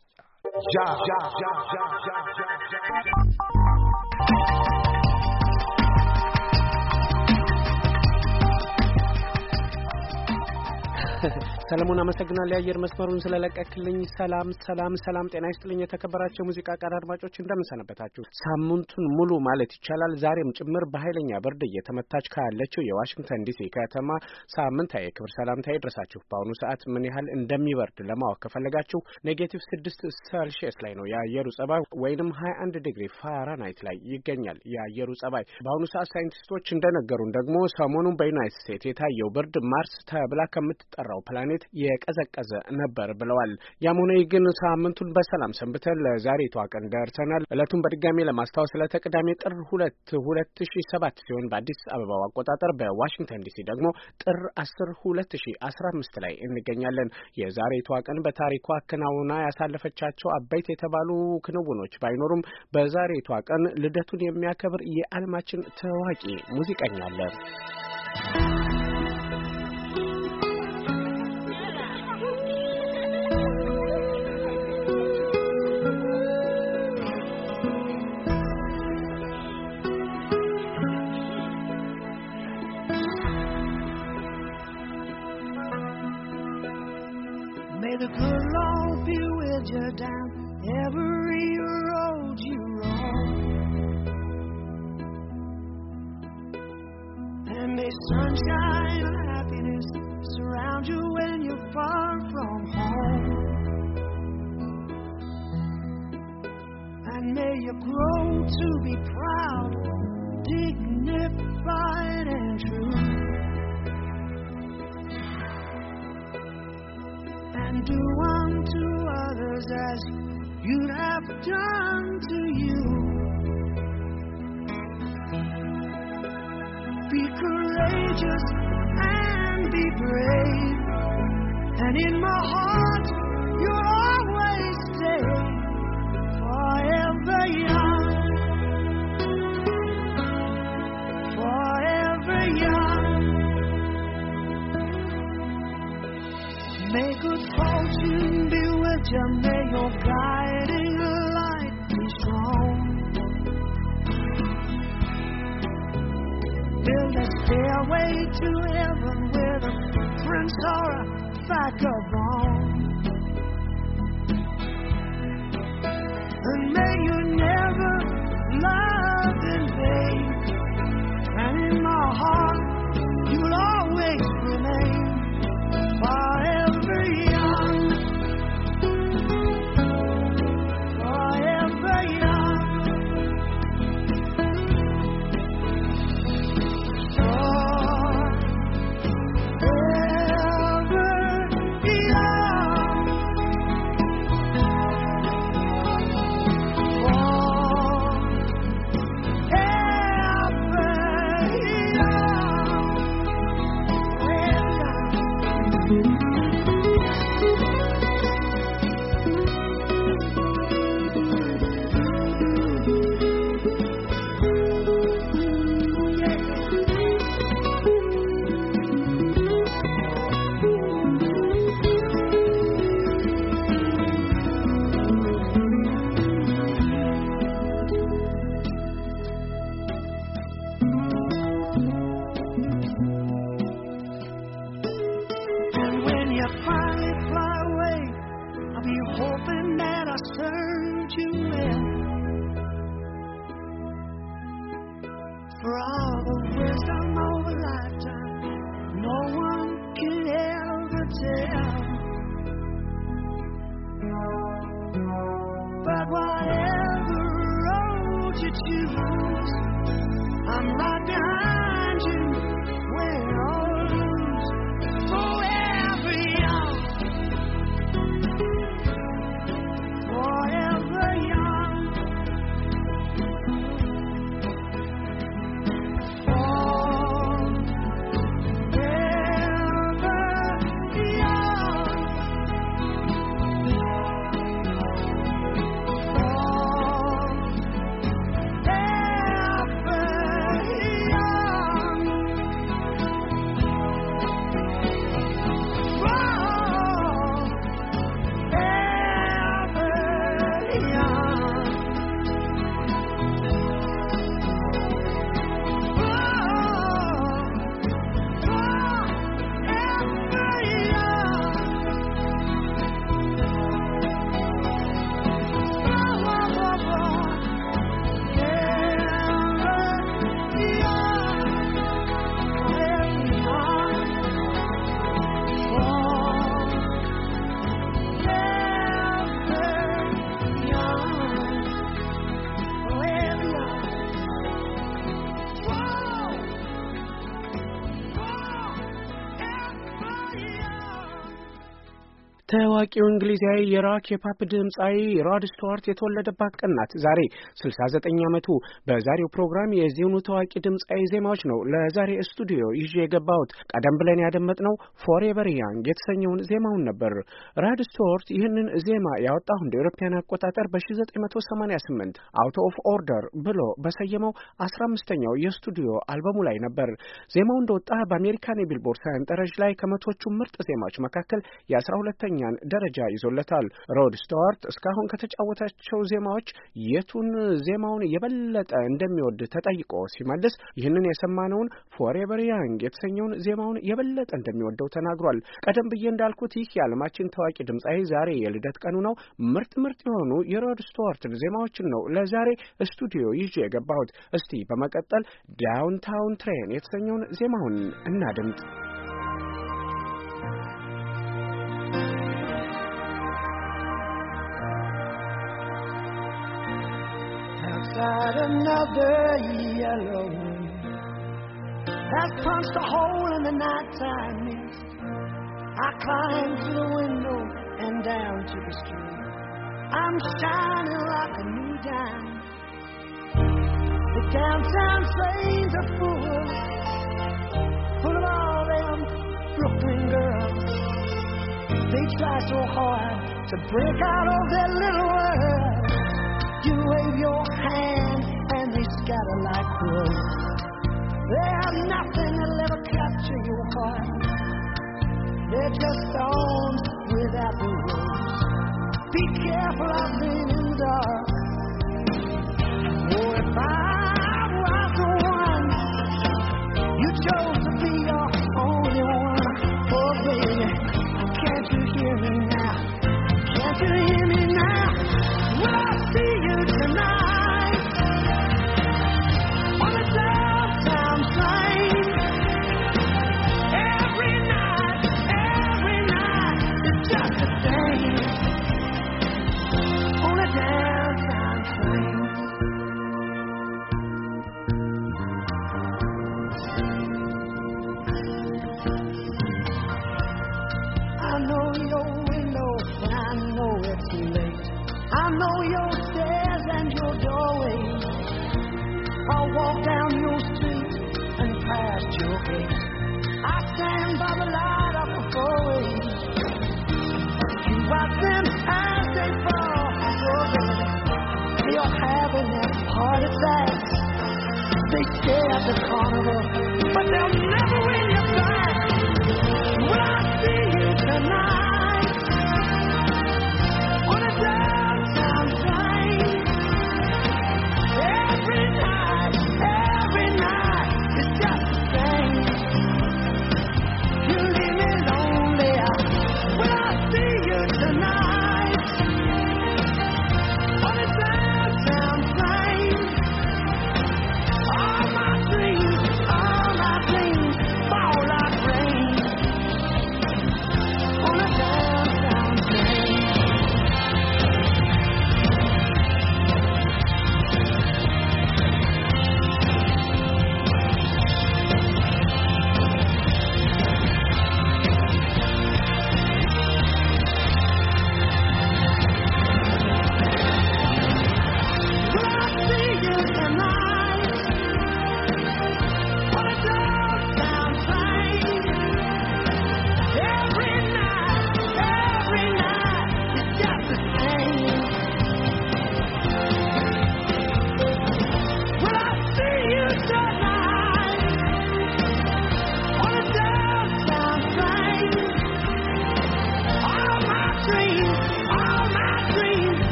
ሰለሞን አመሰግናለሁ የአየር መስመሩን ስለለቀክልኝ ሰላም ሰላም ሰላም፣ ጤና ይስጥልኝ የተከበራቸው የሙዚቃ ቃድ አድማጮች እንደምንሰነበታችሁ። ሳምንቱን ሙሉ ማለት ይቻላል ዛሬም ጭምር በኃይለኛ ብርድ እየተመታች ካለችው የዋሽንግተን ዲሲ ከተማ ሳምንታዊ የክብር ሰላምታዬ ይድረሳችሁ። በአሁኑ ሰዓት ምን ያህል እንደሚበርድ ለማወቅ ከፈለጋችሁ ኔጌቲቭ ስድስት ሰልሺየስ ላይ ነው የአየሩ ጸባይ ወይንም ሀያ አንድ ዲግሪ ፋራናይት ላይ ይገኛል የአየሩ ጸባይ። በአሁኑ ሰዓት ሳይንቲስቶች እንደነገሩን ደግሞ ሰሞኑን በዩናይትድ ስቴትስ የታየው ብርድ ማርስ ተብላ ከምትጠራው ፕላኔት መሬት የቀዘቀዘ ነበር ብለዋል። ያም ግን ሳምንቱን በሰላም ሰንብተን ለዛሬቷ ቀን ደርሰናል። እለቱን በድጋሚ ለማስታወስ ዕለተ ቅዳሜ ጥር ሁለት ሁለት ሺ ሰባት ሲሆን በአዲስ አበባው አቆጣጠር በዋሽንግተን ዲሲ ደግሞ ጥር አስር ሁለት ሺ አስራ አምስት ላይ እንገኛለን። የዛሬቷ ቀን በታሪኳ አከናውና ያሳለፈቻቸው አበይት የተባሉ ክንውኖች ባይኖሩም በዛሬቷ ቀን ልደቱን የሚያከብር የዓለማችን ታዋቂ ሙዚቀኛ አለ። the good Lord be with you down every road you roam. And may sunshine and happiness surround you when you're far from home. And may you grow to be proud, dignified, and true. and do unto others as you'd have done to you. Be courageous and be brave, and in my heart you'll always stay forever young. your guiding light Build a stairway to heaven with a prince or a psycho. you choose. I'm right there. ታዋቂው እንግሊዛዊ የሮክ የፓፕ ድምፃዊ ሮድ ስቱዋርት የተወለደባት ቀን ናት ዛሬ 69 ዓመቱ። በዛሬው ፕሮግራም የዚሁኑ ታዋቂ ድምፃዊ ዜማዎች ነው ለዛሬ ስቱዲዮ ይዤ የገባሁት። ቀደም ብለን ያደመጥነው ፎርኤቨር ያንግ የተሰኘውን ዜማውን ነበር። ሮድ ስቱዋርት ይህንን ዜማ ያወጣው እንደ ኤሮፓያን አቆጣጠር በ1988 አውት ኦፍ ኦርደር ብሎ በሰየመው 15ኛው የስቱዲዮ አልበሙ ላይ ነበር። ዜማው እንደወጣ በአሜሪካን የቢልቦርድ ሰንጠረዥ ላይ ከመቶቹ ምርጥ ዜማዎች መካከል የ 12 ደረጃ ይዞለታል። ሮድ ስቱዋርት እስካሁን ከተጫወታቸው ዜማዎች የቱን ዜማውን የበለጠ እንደሚወድ ተጠይቆ ሲመልስ ይህንን የሰማነውን ፎሬቨር ያንግ የተሰኘውን ዜማውን የበለጠ እንደሚወደው ተናግሯል። ቀደም ብዬ እንዳልኩት ይህ የዓለማችን ታዋቂ ድምፃዊ ዛሬ የልደት ቀኑ ነው። ምርጥ ምርጥ የሆኑ የሮድ ስቱዋርትን ዜማዎችን ነው ለዛሬ ስቱዲዮ ይዤ የገባሁት። እስቲ በመቀጠል ዳውንታውን ትሬን የተሰኘውን ዜማውን እናድምጥ። inside another yellow that punched a hole in the nighttime mist. I climbed through the window and down to the street. I'm shining like a new dime. The downtown trains are full, full of all them Brooklyn girls. They try so hard to break out of their little world. You wave your hand and they scatter like birds. They have nothing that'll ever capture your heart. They're just stones without the roots. Be careful, of have in the dark. Oh, if I was the one you chose. tonight.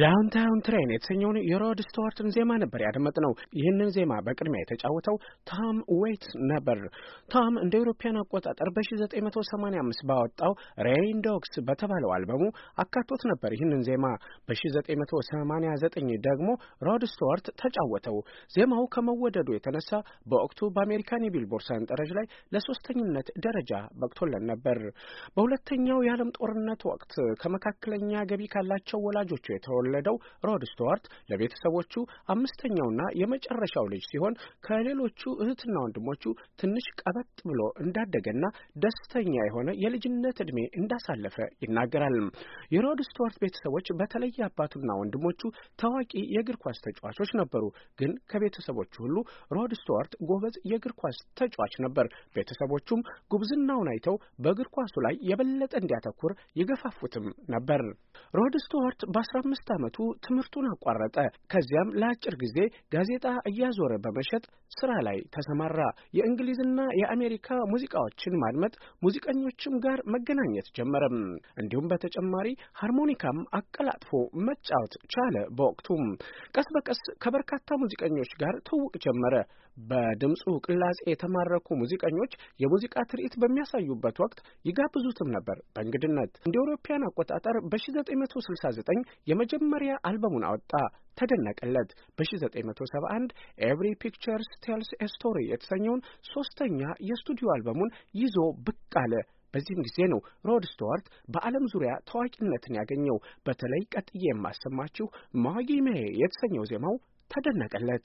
ዳውንታውን ትሬን የተሰኘውን የሮድ ስቱዋርትን ዜማ ነበር ያደመጥነው። ይህንን ዜማ በቅድሚያ የተጫወተው ታም ዌይትስ ነበር። ታም እንደ አውሮፓውያን አቆጣጠር በ1985 ባወጣው ሬይን ዶግስ በተባለው አልበሙ አካቶት ነበር ይህንን ዜማ። በ1989 ደግሞ ሮድ ስቱዋርት ተጫወተው። ዜማው ከመወደዱ የተነሳ በወቅቱ በአሜሪካን የቢልቦርድ ሰንጠረዥ ላይ ለሶስተኝነት ደረጃ በቅቶለን ነበር። በሁለተኛው የዓለም ጦርነት ወቅት ከመካከለኛ ገቢ ካላቸው ወላጆቹ የተወ የተወለደው ሮድ ስቱዋርት ለቤተሰቦቹ አምስተኛውና የመጨረሻው ልጅ ሲሆን ከሌሎቹ እህትና ወንድሞቹ ትንሽ ቀበጥ ብሎ እንዳደገና ደስተኛ የሆነ የልጅነት ዕድሜ እንዳሳለፈ ይናገራል። የሮድ ስቱዋርት ቤተሰቦች በተለይ አባቱና ወንድሞቹ ታዋቂ የእግር ኳስ ተጫዋቾች ነበሩ። ግን ከቤተሰቦቹ ሁሉ ሮድ ስቱዋርት ጎበዝ የእግር ኳስ ተጫዋች ነበር። ቤተሰቦቹም ጉብዝናውን አይተው በእግር ኳሱ ላይ የበለጠ እንዲያተኩር የገፋፉትም ነበር። ሮድ ስቱዋርት በአስራ አምስት ዓመቱ ትምህርቱን አቋረጠ። ከዚያም ለአጭር ጊዜ ጋዜጣ እያዞረ በመሸጥ ስራ ላይ ተሰማራ። የእንግሊዝና የአሜሪካ ሙዚቃዎችን ማድመጥ፣ ሙዚቀኞችም ጋር መገናኘት ጀመረም። እንዲሁም በተጨማሪ ሃርሞኒካም አቀላጥፎ መጫወት ቻለ። በወቅቱም ቀስ በቀስ ከበርካታ ሙዚቀኞች ጋር ትውቅ ጀመረ። በድምፁ ቅላጼ የተማረኩ ሙዚቀኞች የሙዚቃ ትርኢት በሚያሳዩበት ወቅት ይጋብዙትም ነበር በእንግድነት። እንደ አውሮፓውያን አቆጣጠር በ1969 የመጀመሪያ አልበሙን አወጣ፣ ተደነቀለት። በ1971 ኤቭሪ ፒክቸርስ ቴልስ ኤ ስቶሪ የተሰኘውን ሶስተኛ የስቱዲዮ አልበሙን ይዞ ብቅ አለ። በዚህም ጊዜ ነው ሮድ ስቱዋርት በዓለም ዙሪያ ታዋቂነትን ያገኘው። በተለይ ቀጥዬ የማሰማችሁ ማጊ ሜ የተሰኘው ዜማው ተደነቀለት።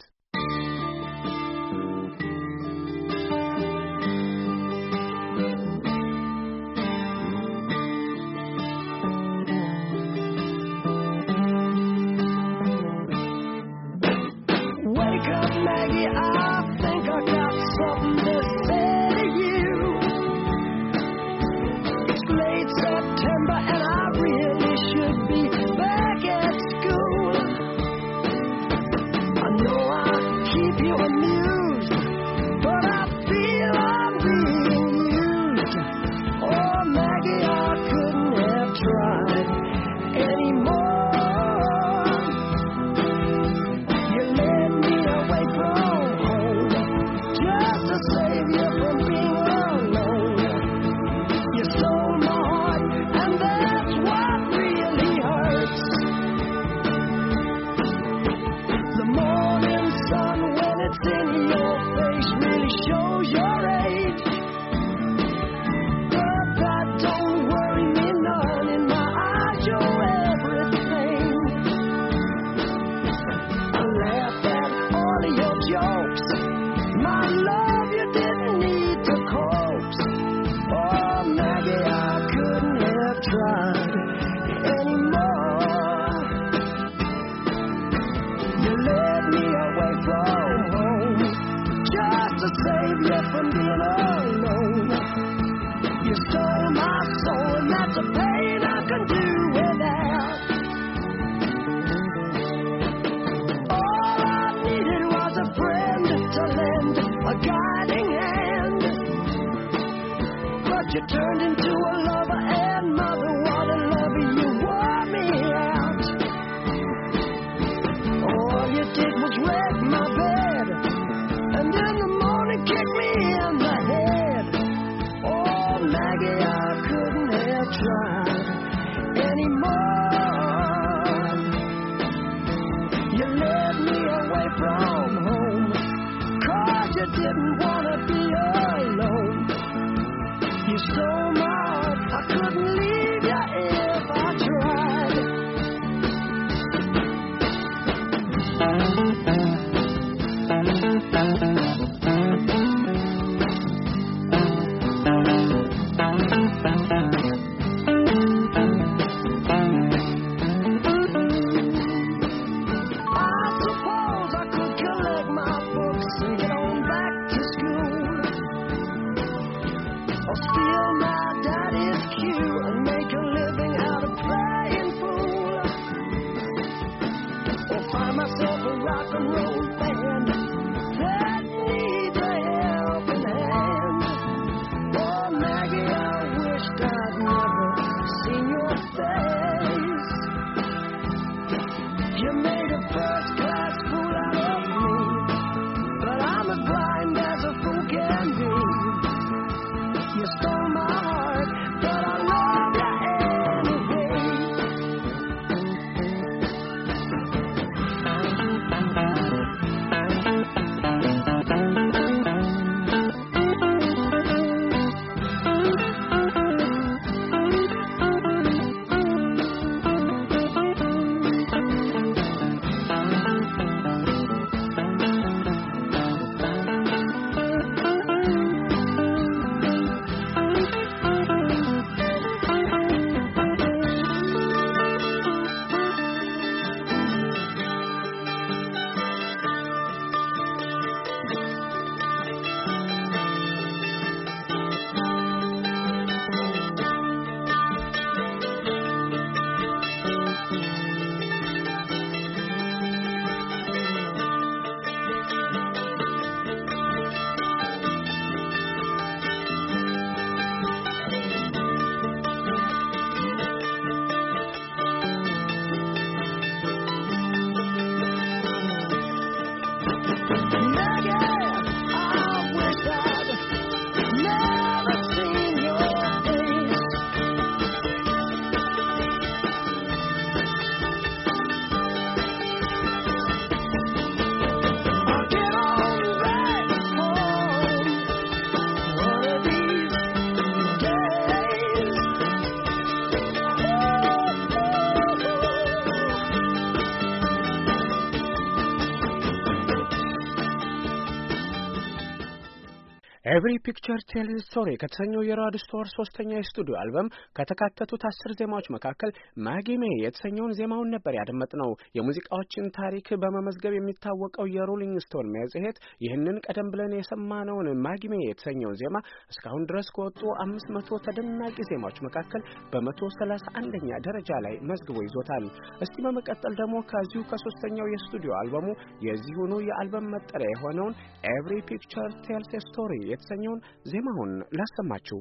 ኤቭሪ ፒክቸር ቴልስ ስቶሪ ከተሰኘው የሮድ ስቶር ሶስተኛ የስቱዲዮ አልበም ከተካተቱት አስር ዜማዎች መካከል ማጊሜ የተሰኘውን ዜማውን ነበር ያደመጥነው። የሙዚቃዎችን ታሪክ በመመዝገብ የሚታወቀው የሮሊንግ ስቶን መጽሔት ይህንን ቀደም ብለን የሰማነውን ማጊሜ የተሰኘውን ዜማ እስካሁን ድረስ ከወጡ አምስት መቶ ተደናቂ ዜማዎች መካከል በመቶ ሰላሳ አንደኛ ደረጃ ላይ መዝግቦ ይዞታል። እስቲ በመቀጠል ደግሞ ከዚሁ ከሶስተኛው የስቱዲዮ አልበሙ የዚሁኑ የአልበም መጠሪያ የሆነውን ኤቭሪ ፒክቸር ቴልስ ስቶሪ የተሰኘውን ዜማውን ላሰማችሁ።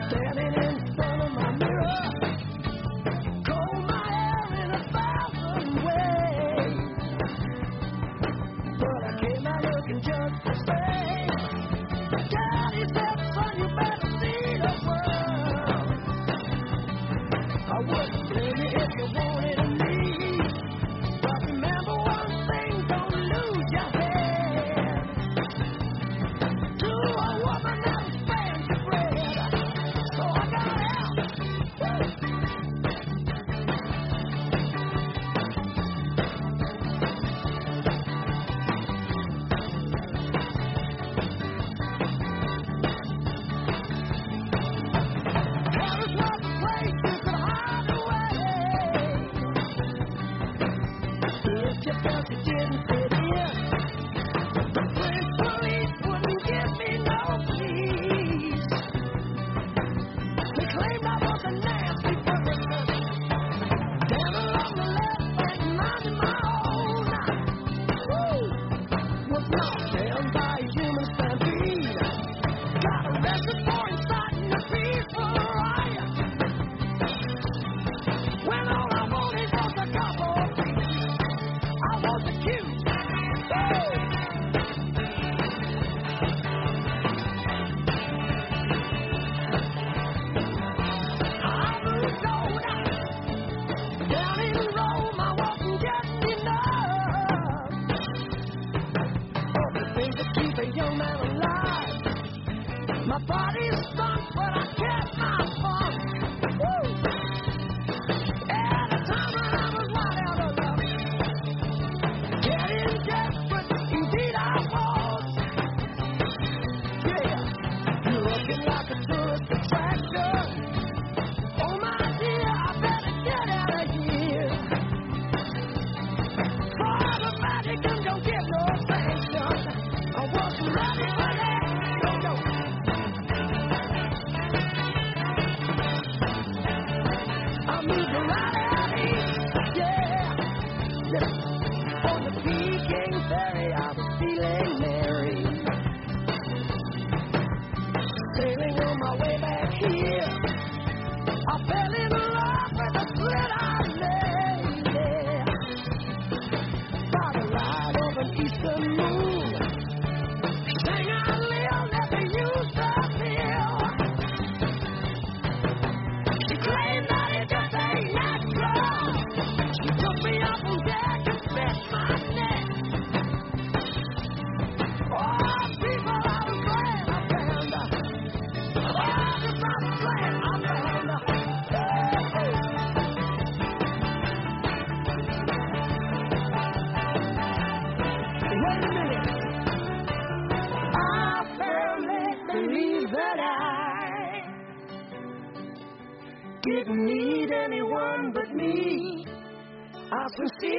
Standing in front of my mirror didn't fit to see.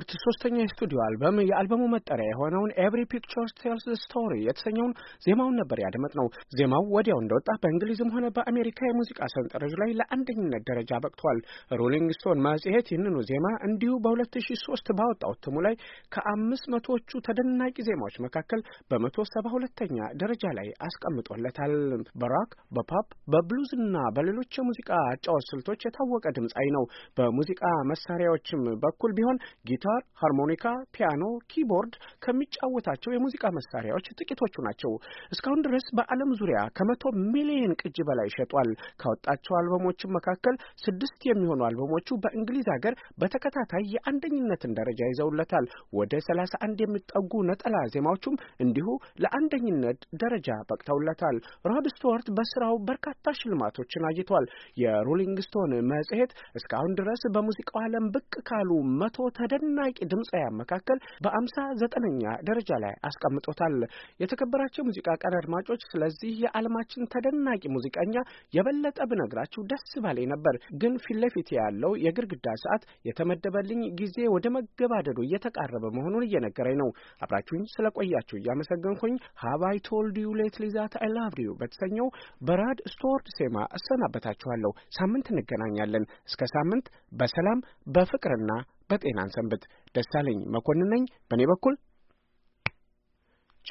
ሪፖርት ሶስተኛ የስቱዲዮ አልበም የአልበሙ መጠሪያ የሆነውን ኤቭሪ ፒክቸር ቴልስ ስቶሪ የተሰኘውን ዜማውን ነበር ያደመጥ ነው። ዜማው ወዲያው እንደወጣ በእንግሊዝም ሆነ በአሜሪካ የሙዚቃ ሰንጠረዥ ላይ ለአንደኝነት ደረጃ በቅቷል። ሮሊንግ ስቶን መጽሔት ይህንኑ ዜማ እንዲሁ በ2003 ባወጣው እትሙ ላይ ከአምስት መቶዎቹ ተደናቂ ዜማዎች መካከል በመቶ ሰባ ሁለተኛ ደረጃ ላይ አስቀምጦለታል። በሮክ በፖፕ በብሉዝና በሌሎች የሙዚቃ አጫወት ስልቶች የታወቀ ድምፃዊ ነው። በሙዚቃ መሳሪያዎችም በኩል ቢሆን ጊታ ጊታር፣ ሃርሞኒካ፣ ፒያኖ፣ ኪቦርድ ከሚጫወታቸው የሙዚቃ መሳሪያዎች ጥቂቶቹ ናቸው። እስካሁን ድረስ በዓለም ዙሪያ ከመቶ ሚሊዮን ቅጅ በላይ ሸጧል። ካወጣቸው አልበሞችም መካከል ስድስት የሚሆኑ አልበሞቹ በእንግሊዝ ሀገር በተከታታይ የአንደኝነትን ደረጃ ይዘውለታል። ወደ ሰላሳ አንድ የሚጠጉ ነጠላ ዜማዎቹም እንዲሁ ለአንደኝነት ደረጃ በቅተውለታል። ሮድ ስቱዋርት በስራው በርካታ ሽልማቶችን አግኝቷል። የሮሊንግ ስቶን መጽሔት እስካሁን ድረስ በሙዚቃው ዓለም ብቅ ካሉ መቶ ተደና አስደናቂ ድምፃውያን መካከል በአምሳ ዘጠነኛ ደረጃ ላይ አስቀምጦታል። የተከበራቸው ሙዚቃ ቀን አድማጮች፣ ስለዚህ የዓለማችን ተደናቂ ሙዚቀኛ የበለጠ ብነግራችሁ ደስ ባለኝ ነበር፣ ግን ፊት ለፊት ያለው የግድግዳ ሰዓት የተመደበልኝ ጊዜ ወደ መገባደዱ እየተቃረበ መሆኑን እየነገረኝ ነው። አብራችሁኝ ስለቆያችሁ እያመሰገንኩኝ ሀባይ ቶልድ ዩ ሌትሊ ዛት አይ ላቭ ዩ በተሰኘው በራድ ስቶርድ ሴማ እሰናበታችኋለሁ። ሳምንት እንገናኛለን። እስከ ሳምንት በሰላም በፍቅርና በጤናን ሰንብት። ደሳለኝ መኮንን ነኝ። በእኔ በኩል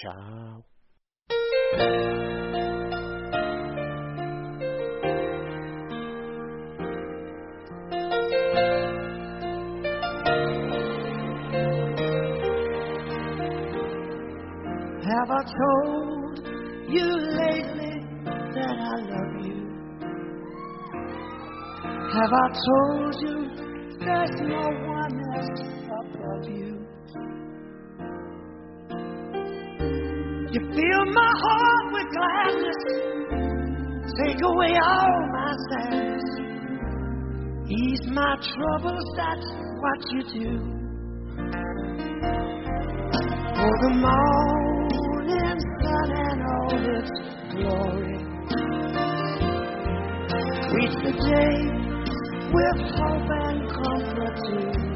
ቻው። Have I told you lately that I love you? Have I told you there's no above you. You fill my heart with gladness, take away all my sadness, ease my troubles, that's what you do. For the morning sun and all its glory Reach the day with hope and comfort too.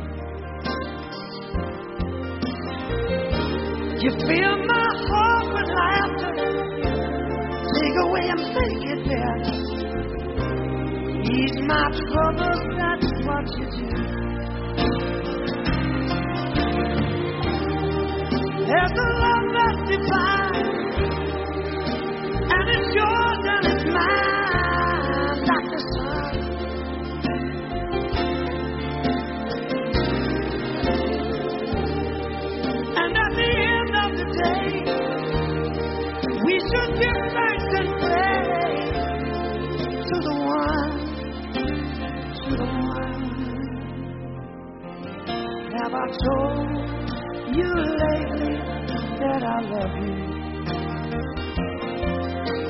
You fill my heart with laughter. Take away and make it better. Ease my troubles, that's what you do. There's a love that's divine. to the one, to the one. Have I told you lately that I love you?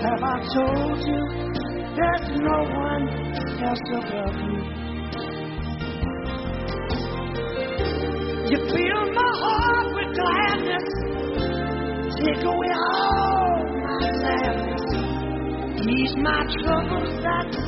Have I told you there's no one else above you? You fill my heart with gladness, take away all ease my troubles. I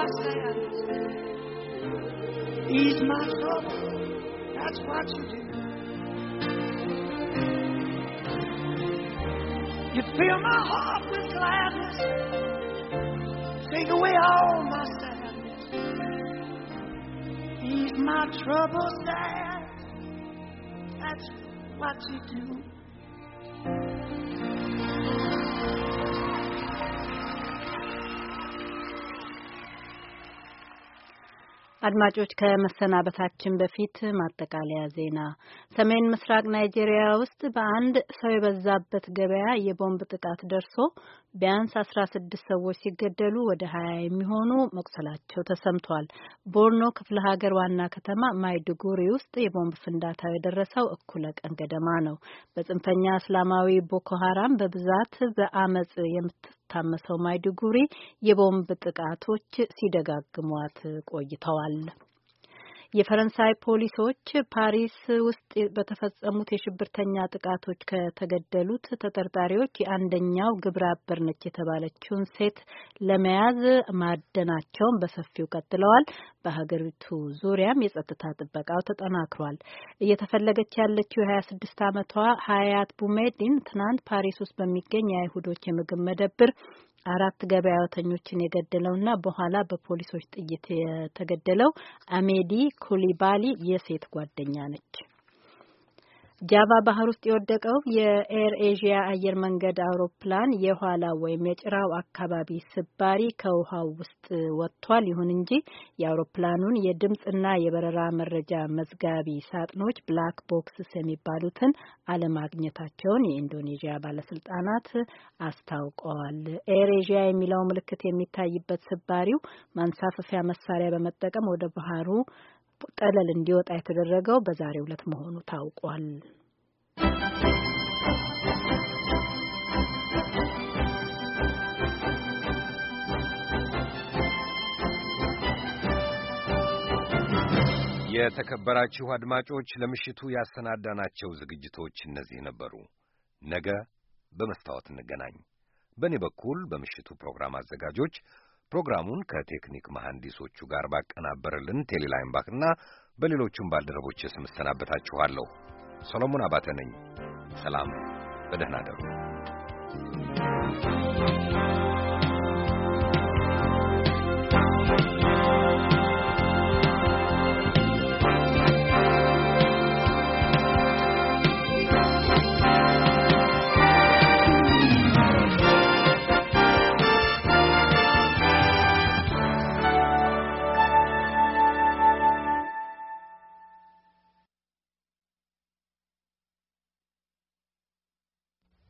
myself. Ease my trouble. That's what you do. You fill my heart with gladness. Take away all my sadness. Ease my troubles, Dad. That's what you do. አድማጮች ከመሰናበታችን በፊት ማጠቃለያ ዜና። ሰሜን ምስራቅ ናይጄሪያ ውስጥ በአንድ ሰው የበዛበት ገበያ የቦምብ ጥቃት ደርሶ ቢያንስ አስራ ስድስት ሰዎች ሲገደሉ ወደ 20 የሚሆኑ መቁሰላቸው ተሰምቷል። ቦርኖ ክፍለ ሀገር ዋና ከተማ ማይድጉሪ ውስጥ የቦምብ ፍንዳታው የደረሰው እኩለ ቀን ገደማ ነው። በጽንፈኛ እስላማዊ ቦኮ ሀራም በብዛት በአመጽ የምትታመሰው ማይድጉሪ የቦምብ ጥቃቶች ሲደጋግሟት ቆይተዋል። የፈረንሳይ ፖሊሶች ፓሪስ ውስጥ በተፈጸሙት የሽብርተኛ ጥቃቶች ከተገደሉት ተጠርጣሪዎች የአንደኛው ግብረ አበር ነች የተባለችውን ሴት ለመያዝ ማደናቸውን በሰፊው ቀጥለዋል። በሀገሪቱ ዙሪያም የጸጥታ ጥበቃው ተጠናክሯል። እየተፈለገች ያለችው የሀያ ስድስት አመቷ ሀያት ቡሜዲን ትናንት ፓሪስ ውስጥ በሚገኝ የአይሁዶች የምግብ መደብር አራት ገበያተኞችን የገደለውና በኋላ በፖሊሶች ጥይት የተገደለው አሜዲ ኩሊባሊ የሴት ጓደኛ ነች። ጃቫ ባህር ውስጥ የወደቀው የኤር ኤዥያ አየር መንገድ አውሮፕላን የኋላ ወይም የጭራው አካባቢ ስባሪ ከውሃው ውስጥ ወጥቷል። ይሁን እንጂ የአውሮፕላኑን የድምፅና የበረራ መረጃ መዝጋቢ ሳጥኖች ብላክ ቦክስስ የሚባሉትን አለማግኘታቸውን የኢንዶኔዥያ ባለስልጣናት አስታውቀዋል። ኤር ኤዥያ የሚለው ምልክት የሚታይበት ስባሪው ማንሳፈፊያ መሳሪያ በመጠቀም ወደ ባህሩ ጠለል እንዲወጣ የተደረገው በዛሬው ዕለት መሆኑ ታውቋል። የተከበራችሁ አድማጮች ለምሽቱ ያሰናዳናቸው ዝግጅቶች እነዚህ ነበሩ። ነገ በመስታወት እንገናኝ። በእኔ በኩል በምሽቱ ፕሮግራም አዘጋጆች ፕሮግራሙን ከቴክኒክ መሐንዲሶቹ ጋር ባቀናበረልን ባክና በሌሎቹም ባልደረቦች ስም እሰናበታችኋለሁ። ሰሎሞን አባተ ነኝ። ሰላም፣ በደህና አደሩ።